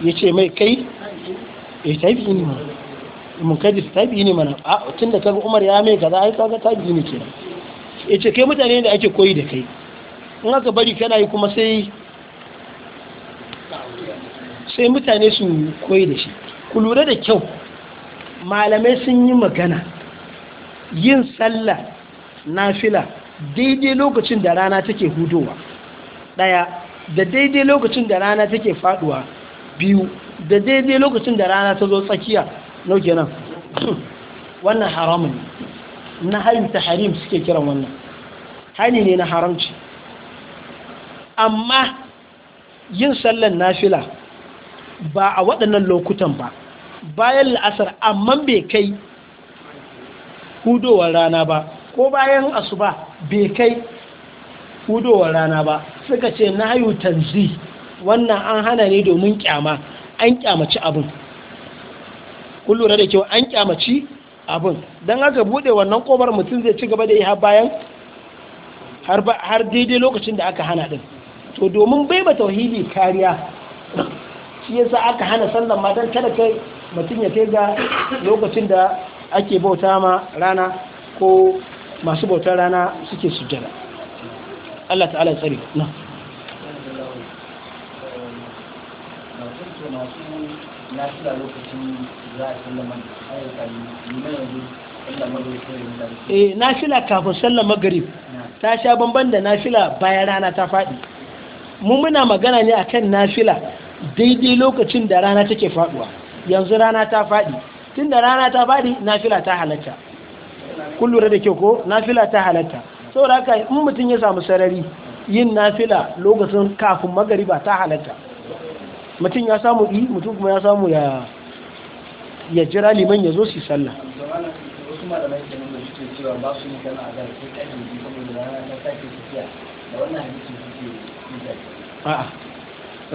ya ce mai kai ya eh, yi ne mana ta yi ne mana a ah, tun da kaga umar ya mai kaza ai ta yi ne kenan ya ce kai mutane da ake koyi da kai in aka bari kana yi kuma sai sai mutane su koyi da shi ku lura da kyau malamai sun yi magana yin sallah na fila daidai lokacin da rana take hudowa daya da daidai lokacin da rana take faduwa biyu da daidai lokacin da rana ta zo tsakiya nau kenan wannan haramun ne na halin ta harim suke kiran wannan hani ne na haramci amma yin sallan nafila ba a waɗannan lokutan ba bayan la'asar amma bai kai hudowar rana ba ko bayan asuba bai kai hudowar rana ba suka ce na hayu tanzi wannan an hana ne domin kyama an kyamaci abin kun da kyau an kyamaci abin don haka bude wannan kobar mutum zai ci gaba da yi har bayan har daidai lokacin da aka hana din to domin bai ba tauhidi kariya shi yasa aka hana sallan matan kada kai mutum ya kai ga lokacin da ake bauta ma rana ko masu bautar rana suke sujjada Allah ta'ala ya tsare na masu nafila eh nafila kafin sallar magrib ta sha bamban da nafila bayan rana ta faɗi mun muna magana ne akan nafila daidai lokacin da rana take faɗuwa yanzu rana ta faɗi tun da rana ta faɗi nafila ta halatta kun lura da kyau ko nafila ta halatta saboda haka in mutum ya samu sarari yin nafila lokacin kafin magariba ta halatta mutum ya samu yi mutum kuma ya samu ya ya jira liman ya zo su sallah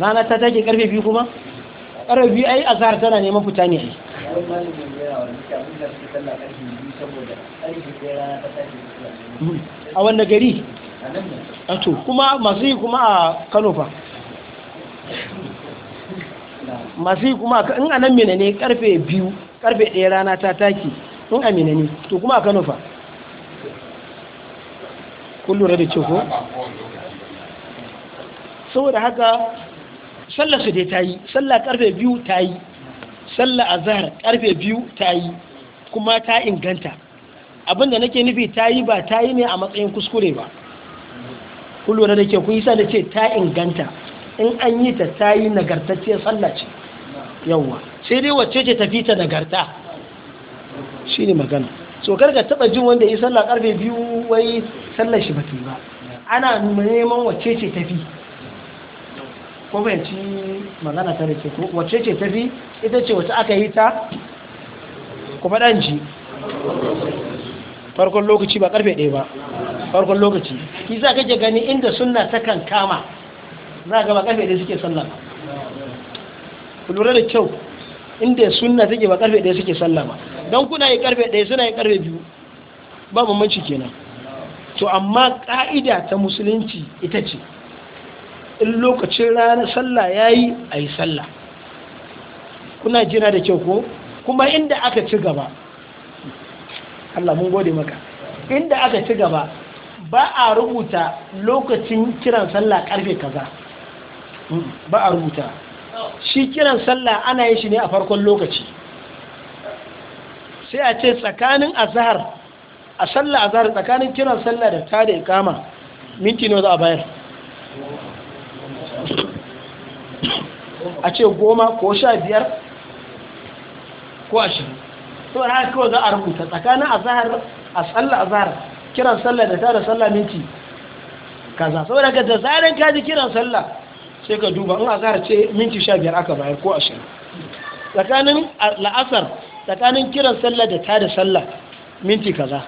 rana ta take karfe biyu kuma karfe biyu ai zahar tana neman fita ne ai hmm. a wanda gari a to kuma masu yi kuma a kano fa masu yi kuma in a nan menene karfe biyu karfe ɗaya rana ta taki in a menene to kuma a kanufa kun lura da ce ko saboda haka sallar su dai ta yi sallar karfe biyu ta yi sallar azahar karfe biyu ta yi kuma ta inganta abinda nake nufi ta yi ba ta yi ne a matsayin kuskure ba kullum da ke kun yi sa da ce ta inganta in an yi ta sayi nagarta nagartacciyar sallah ce yawwa sai dai wacce ce tafi ta nagarta shi ne magana so karga taba jin wanda yi sallah karfe biyu wai sallar shi ba ba ana neman wacce ce tafi ko bayanci magana ta rike ko wacce ce tafi ita ce wacce aka yi ta ku faɗan ji farkon lokaci ba karfe ɗaya ba farkon lokaci ki ka je gani inda sunna ta kan kama za ga karfe da suke sallah ba ku lura da kyau inda sunna take ba karfe da suke sallah ba don kuna yi karfe da suna yi karfe biyu ba bambanci kenan to amma ka'ida ta musulunci ita ce in lokacin ranar sallah ya yi a yi sallah kuna jina da kyau ko kuma inda aka ci gaba Allah mun gode maka inda aka ci gaba ba a rubuta lokacin kiran sallah karfe kaza ba a rubuta shi kiran sallah ana yin shi ne a farkon lokaci sai a ce tsakanin azhar a sallah azhar tsakanin kiran sallah da ta da ikama minti ne za a bayar a ce goma ko sha biyar ko ashirin to haka kawai za a rubuta tsakanin azhar a sallah azhar kiran sallah da ta da sallah minti kaza saboda ga da zaran kaji kiran sallah sai ka duba in azhar ce minti sha biyar aka bayar ko ashirin tsakanin la'asar tsakanin kiran sallah da tada sallah minti kaza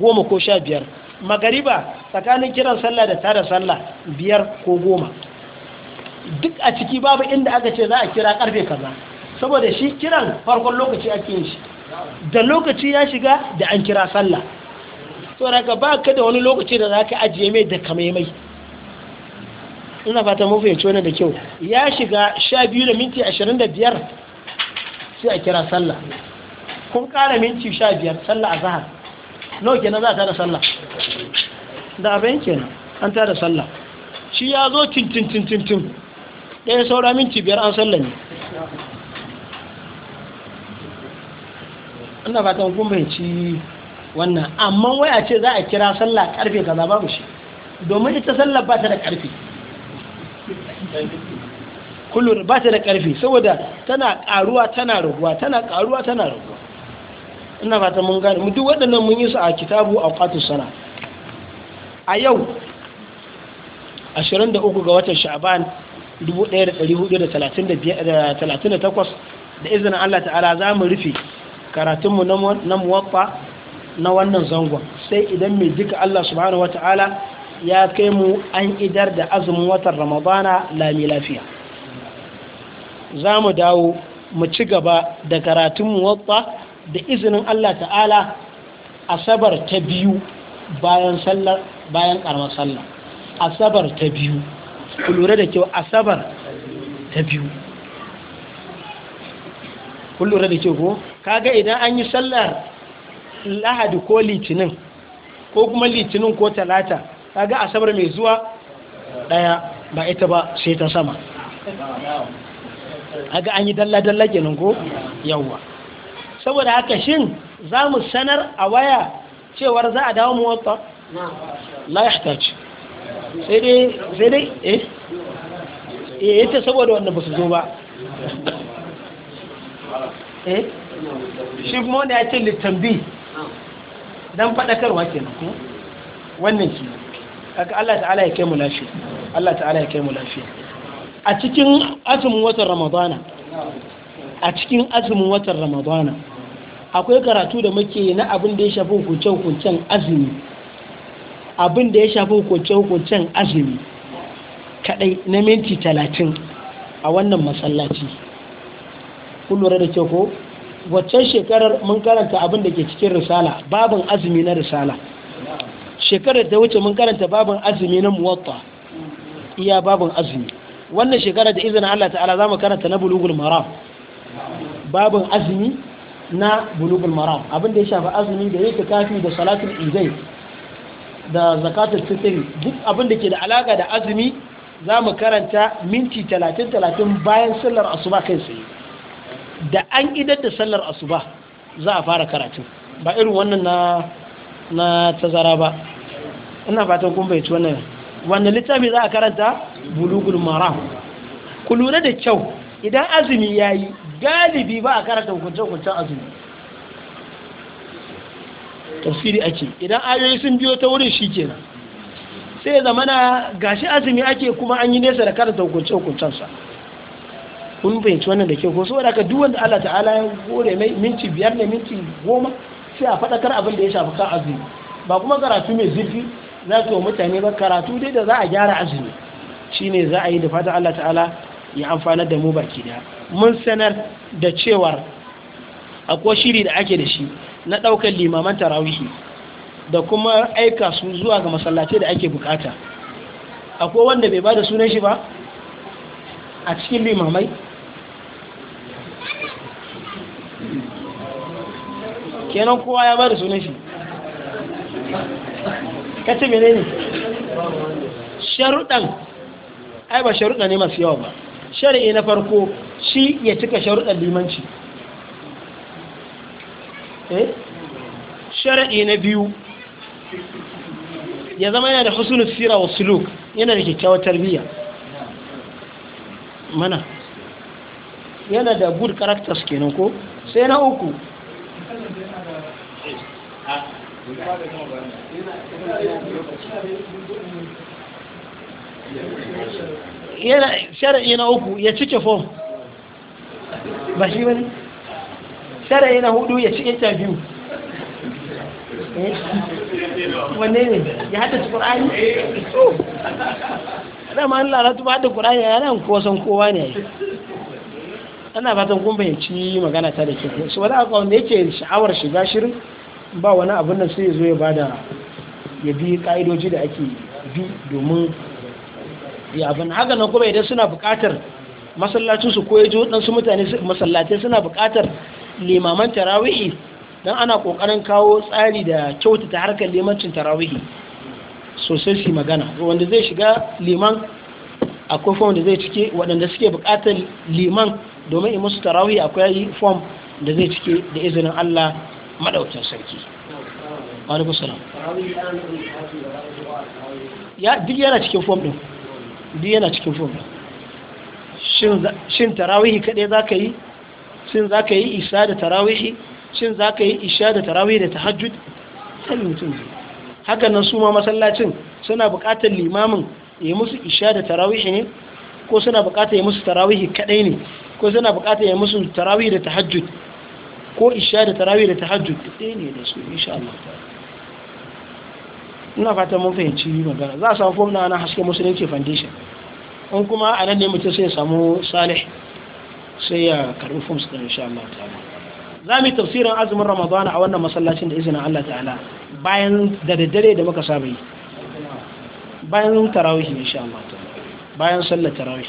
goma ko sha biyar magariba tsakanin kiran sallah da tada sallah biyar ko goma duk a ciki babu inda aka ce za a kira karfe kaza saboda shi kiran farkon lokaci ake yin shi da lokaci ya shiga da an kira sallah to ba ka da wani lokaci da za ka ajiye mai da kamaimai ina fata mun fahimci wannan da kyau ya shiga sha biyu da minti ashirin da biyar sai a kira sallah kun kara minti sha biyar sallah a zahar nawa kenan za a tada sallah da abin kenan an tada sallah shi ya zo tintintintintin ɗaya saura minti biyar an sallah ne ina fatan kun fahimci wannan amma wai a ce za a kira sallah karfe kaza babu shi domin ita sallah ba ta da karfe kullum ba ta da ƙarfi saboda tana ƙaruwa tana raguwa tana ƙaruwa tana raguwa ina fata mun gane mu duk waɗannan mun yi su a kitabu a kwatu sana a yau 23 ga watan sha'ban 1438 da izinin Allah ta'ala za mu rufe karatunmu na muwaffa na wannan zangon sai idan mai duka Allah subhanahu wa ta'ala ya kai mu an idar da azumin watan ramadana lami lafiya za mu dawo mu ci gaba da karatun muwatta da izinin Allah ta'ala asabar ta biyu bayan sallar bayan karamar sallar asabar ta biyu ku lura da kyau asabar ta biyu ku lura da kyau ko kaga idan an yi sallar lahadi ko litinin ko kuma litinin ko talata kaga asabar mai zuwa daya ba ita ba sai ta sama kaga an yi dalla dalla kenan ko yawwa saboda haka shin za mu sanar a waya cewar za a dawo mu wata la yahtaj sai dai sai dai eh eh ita saboda wanda ba su zo ba eh shi kuma wanda ya ce littambi don faɗakarwa kenan wannan kenan kaga Allah ta'ala ya kai mu lafiya Allah ta'ala ya kai mu lafiya a cikin azumin watan Ramadana a cikin azumin watan Ramadana akwai karatu da muke na abin da ya shafi hukunce-hukuncen azumi abin da ya shafi hukunce-hukuncen azumi kadai na minti talatin a wannan masallaci kun da ke ko waccan shekarar mun karanta abin da ke cikin risala babin azumi na risala shekarar ta wuce mun karanta babin azumi na muwatta iya babin azumi wannan shekarar da izinin Allah ta'ala za mu karanta na bulugul maram babin azumi na bulugul maram abin ya shafi azumi da yake kafi da salatul izai da zakatul fitri duk abinda ke da alaka da azumi za mu karanta minti 30-30 bayan sallar asuba kai tsaye da an idar da sallar asuba za a fara karatu ba irin wannan na tazara ba ina fatan kun bai wannan wannan littafi za a karanta bulugul maram ku lura da kyau idan azumi ya yi galibi ba a karanta hukunce-hukuncen azumi tafsiri ake idan ayoyi sun biyo ta wurin shi nan sai zama na gashi azumi ake kuma an yi nesa da karanta hukunce-hukuncensa kun fahimci wannan da ke ko saboda ka duk wanda Allah ta'ala ya gore mai minti biyar ne minti goma sai a faɗakar abin da ya shafi kan azumi ba kuma karatu mai zurfi za ka mutane ba karatu dai da za a gyara azumi shi ne za a yi da fata Allah ta'ala ya amfanar da mu baki da mun sanar da cewar akwai shiri da ake da shi na ɗaukar limaman tarawihi da kuma aika su zuwa ga masallatai da ake bukata akwai wanda bai ba da sunan shi ba a cikin limamai kenan kowa ya ba da sunan shi ka ce mene ne sharuɗan ai ba sharuɗa ne masu yawa ba shari'i na farko shi ya cika sharuɗan limanci eh shari'i na biyu ya zama yana da husnul sira wa suluk yana da kyakkyawar tarbiyya mana yana da good characters kenan ko sai na uku yana shara'i na uku ya cike fom ba shi wani shara'i na hudu ya cike ta biyu wane ne ya hada su ci ana ma an lalata ba hada ƙur'ani ya yanar kosan kowa ne ana fatan kun bayanci magana ta da ke su wani aka wanda yake sha'awar shiga shirin ba wani abin nan sai zo ya bada ya bi ka'idoji da ake bi domin ya abin haka nan kuma idan suna buƙatar masallacin su ko yaji waɗansu mutane masallatai suna buƙatar limaman tarawihi don ana kokarin kawo tsari da kyautata harkar limancin tarawihi sosai su magana wanda zai shiga liman akwai fom da zai cike waɗanda suke buƙatar liman domin yi musu tarawihi akwai fom da zai cike da izinin Allah madaukin sarki alaikum salam ya duk yana cikin fom din duk yana cikin fom din shin tarawihi kaɗai za ka yi shin za ka yi isa da tarawihi shin za ka yi isha da tarawihi da tahajjud sai mutum zai haka nan su ma masallacin suna buƙatar limamin ya musu isha da tarawihi ne ko suna buƙatar ya musu tarawihi kaɗai ne ko suna buƙatar ya musu tarawihi da tahajjud ko isha da tarawih da tahajjud ɗaya ne da su insha Allah ina fatan mun fahimci magana za a samu fom na nan haske musulunci foundation in kuma a nan ne mutum sai ya samu salih sai ya karbi fom su insha Allah ta'ala za mu yi tafsirin azumin ramadana a wannan masallacin da izinin Allah ta'ala bayan da daddare da muka saba yi bayan tarawih insha Allah ta'ala bayan sallar tarawih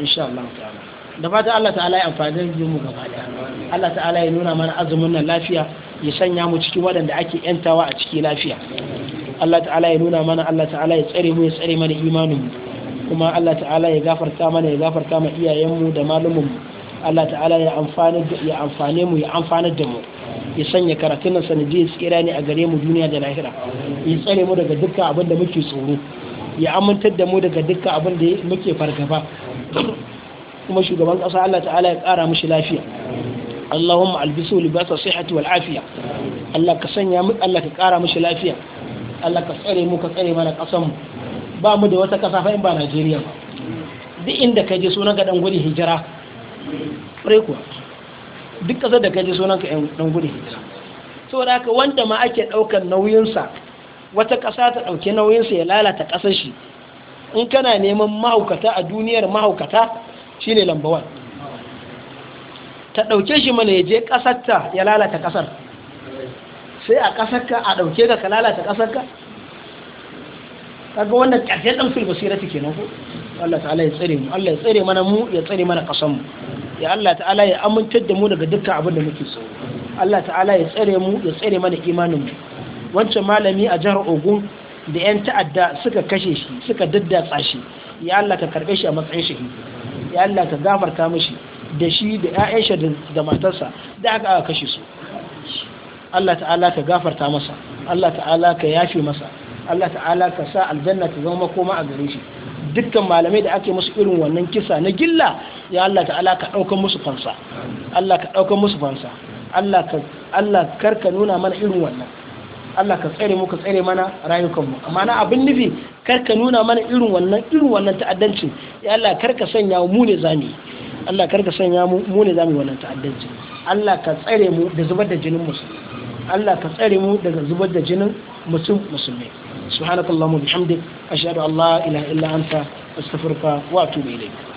insha Allah ta'ala da fata Allah ta'ala ya amfani da mu gaba da Allah ta'ala ya nuna mana azumin nan lafiya ya sanya mu cikin waɗanda ake yantawa a ciki lafiya Allah ta'ala ya nuna mana Allah ta'ala ya tsare mu ya tsare mana imanin mu kuma Allah ta'ala ya gafarta mana ya gafarta ma iyayen mu da malumin mu Allah ta'ala ya amfani ya amfane mu ya amfanar da mu ya sanya karatun nan sanadi ya tsira ne a gare mu duniya da lahira ya tsare mu daga dukkan abin da muke tsoro ya amintar da mu daga dukkan abin da muke fargaba kuma shugaban ƙasa Allah ta'ala ya ƙara mashi lafiya Allahumma albisu libasa sihhati wal afiya Allah ka sanya mu Allah ka ƙara mashi lafiya Allah ka tsare mu ka tsare mana ƙasan mu ba mu da wata ƙasa fa in ba Najeriya ba duk inda ka je sunan ka dan gudun hijira ƙwarai kuwa duk ƙasa da ka je sunan ka dan gudun hijira saboda haka wanda ma ake ɗaukar nauyinsa wata ƙasa ta ɗauki nauyinsa ya lalata ƙasar shi in kana neman mahaukata a duniyar mahaukata shine lambawan ta ɗauke shi mana ya je ƙasarta ya lalata ƙasar sai a ƙasarka a ɗauke ka ka lalata ƙasarka kaga wannan ƙarshen ɗan fil basirati nan ko Allah ta'ala ya tsare mu Allah ya tsare mana mu ya tsare mana ƙasar mu ya Allah ta'ala ya amintar da mu daga dukkan abin da muke so Allah ta'ala ya tsare mu ya tsare mana imanin mu wancan malami a jihar Ogun da 'yan ta'adda suka kashe shi suka daddatsa shi ya Allah ka karɓe shi a matsayin shahidi ya Allah ka gafarta mashi da shi da shi da matarsa da aka aka kashe su Allah ta'ala ka gafarta masa Allah ta'ala ka yafe masa Allah ta'ala ka sa aljanna ta zama kuma a gare shi dukkan malamai da ake musu irin wannan kisa na gilla ya Allah ta'ala ka ɗaukar musu fansa Allah ka ɗaukar musu fansa Allah ka Allah karka nuna mana irin wannan Allah ka tsere mu ka tsere mana rayukanmu amma na abin nufi karka nuna mana irin wannan irin wannan ta'addanci ya Allah kar ka sanya mu ne zami Allah kar ka sanya mu mu ne zami wannan ta'addanci Allah ka tsare mu da zubar da jinin musulmi Allah ka tsare mu daga zubar da jinin mutum, musulmi subhanakallahumma bihamdik ashhadu an la ilaha illa anta astaghfiruka wa atubu ilayk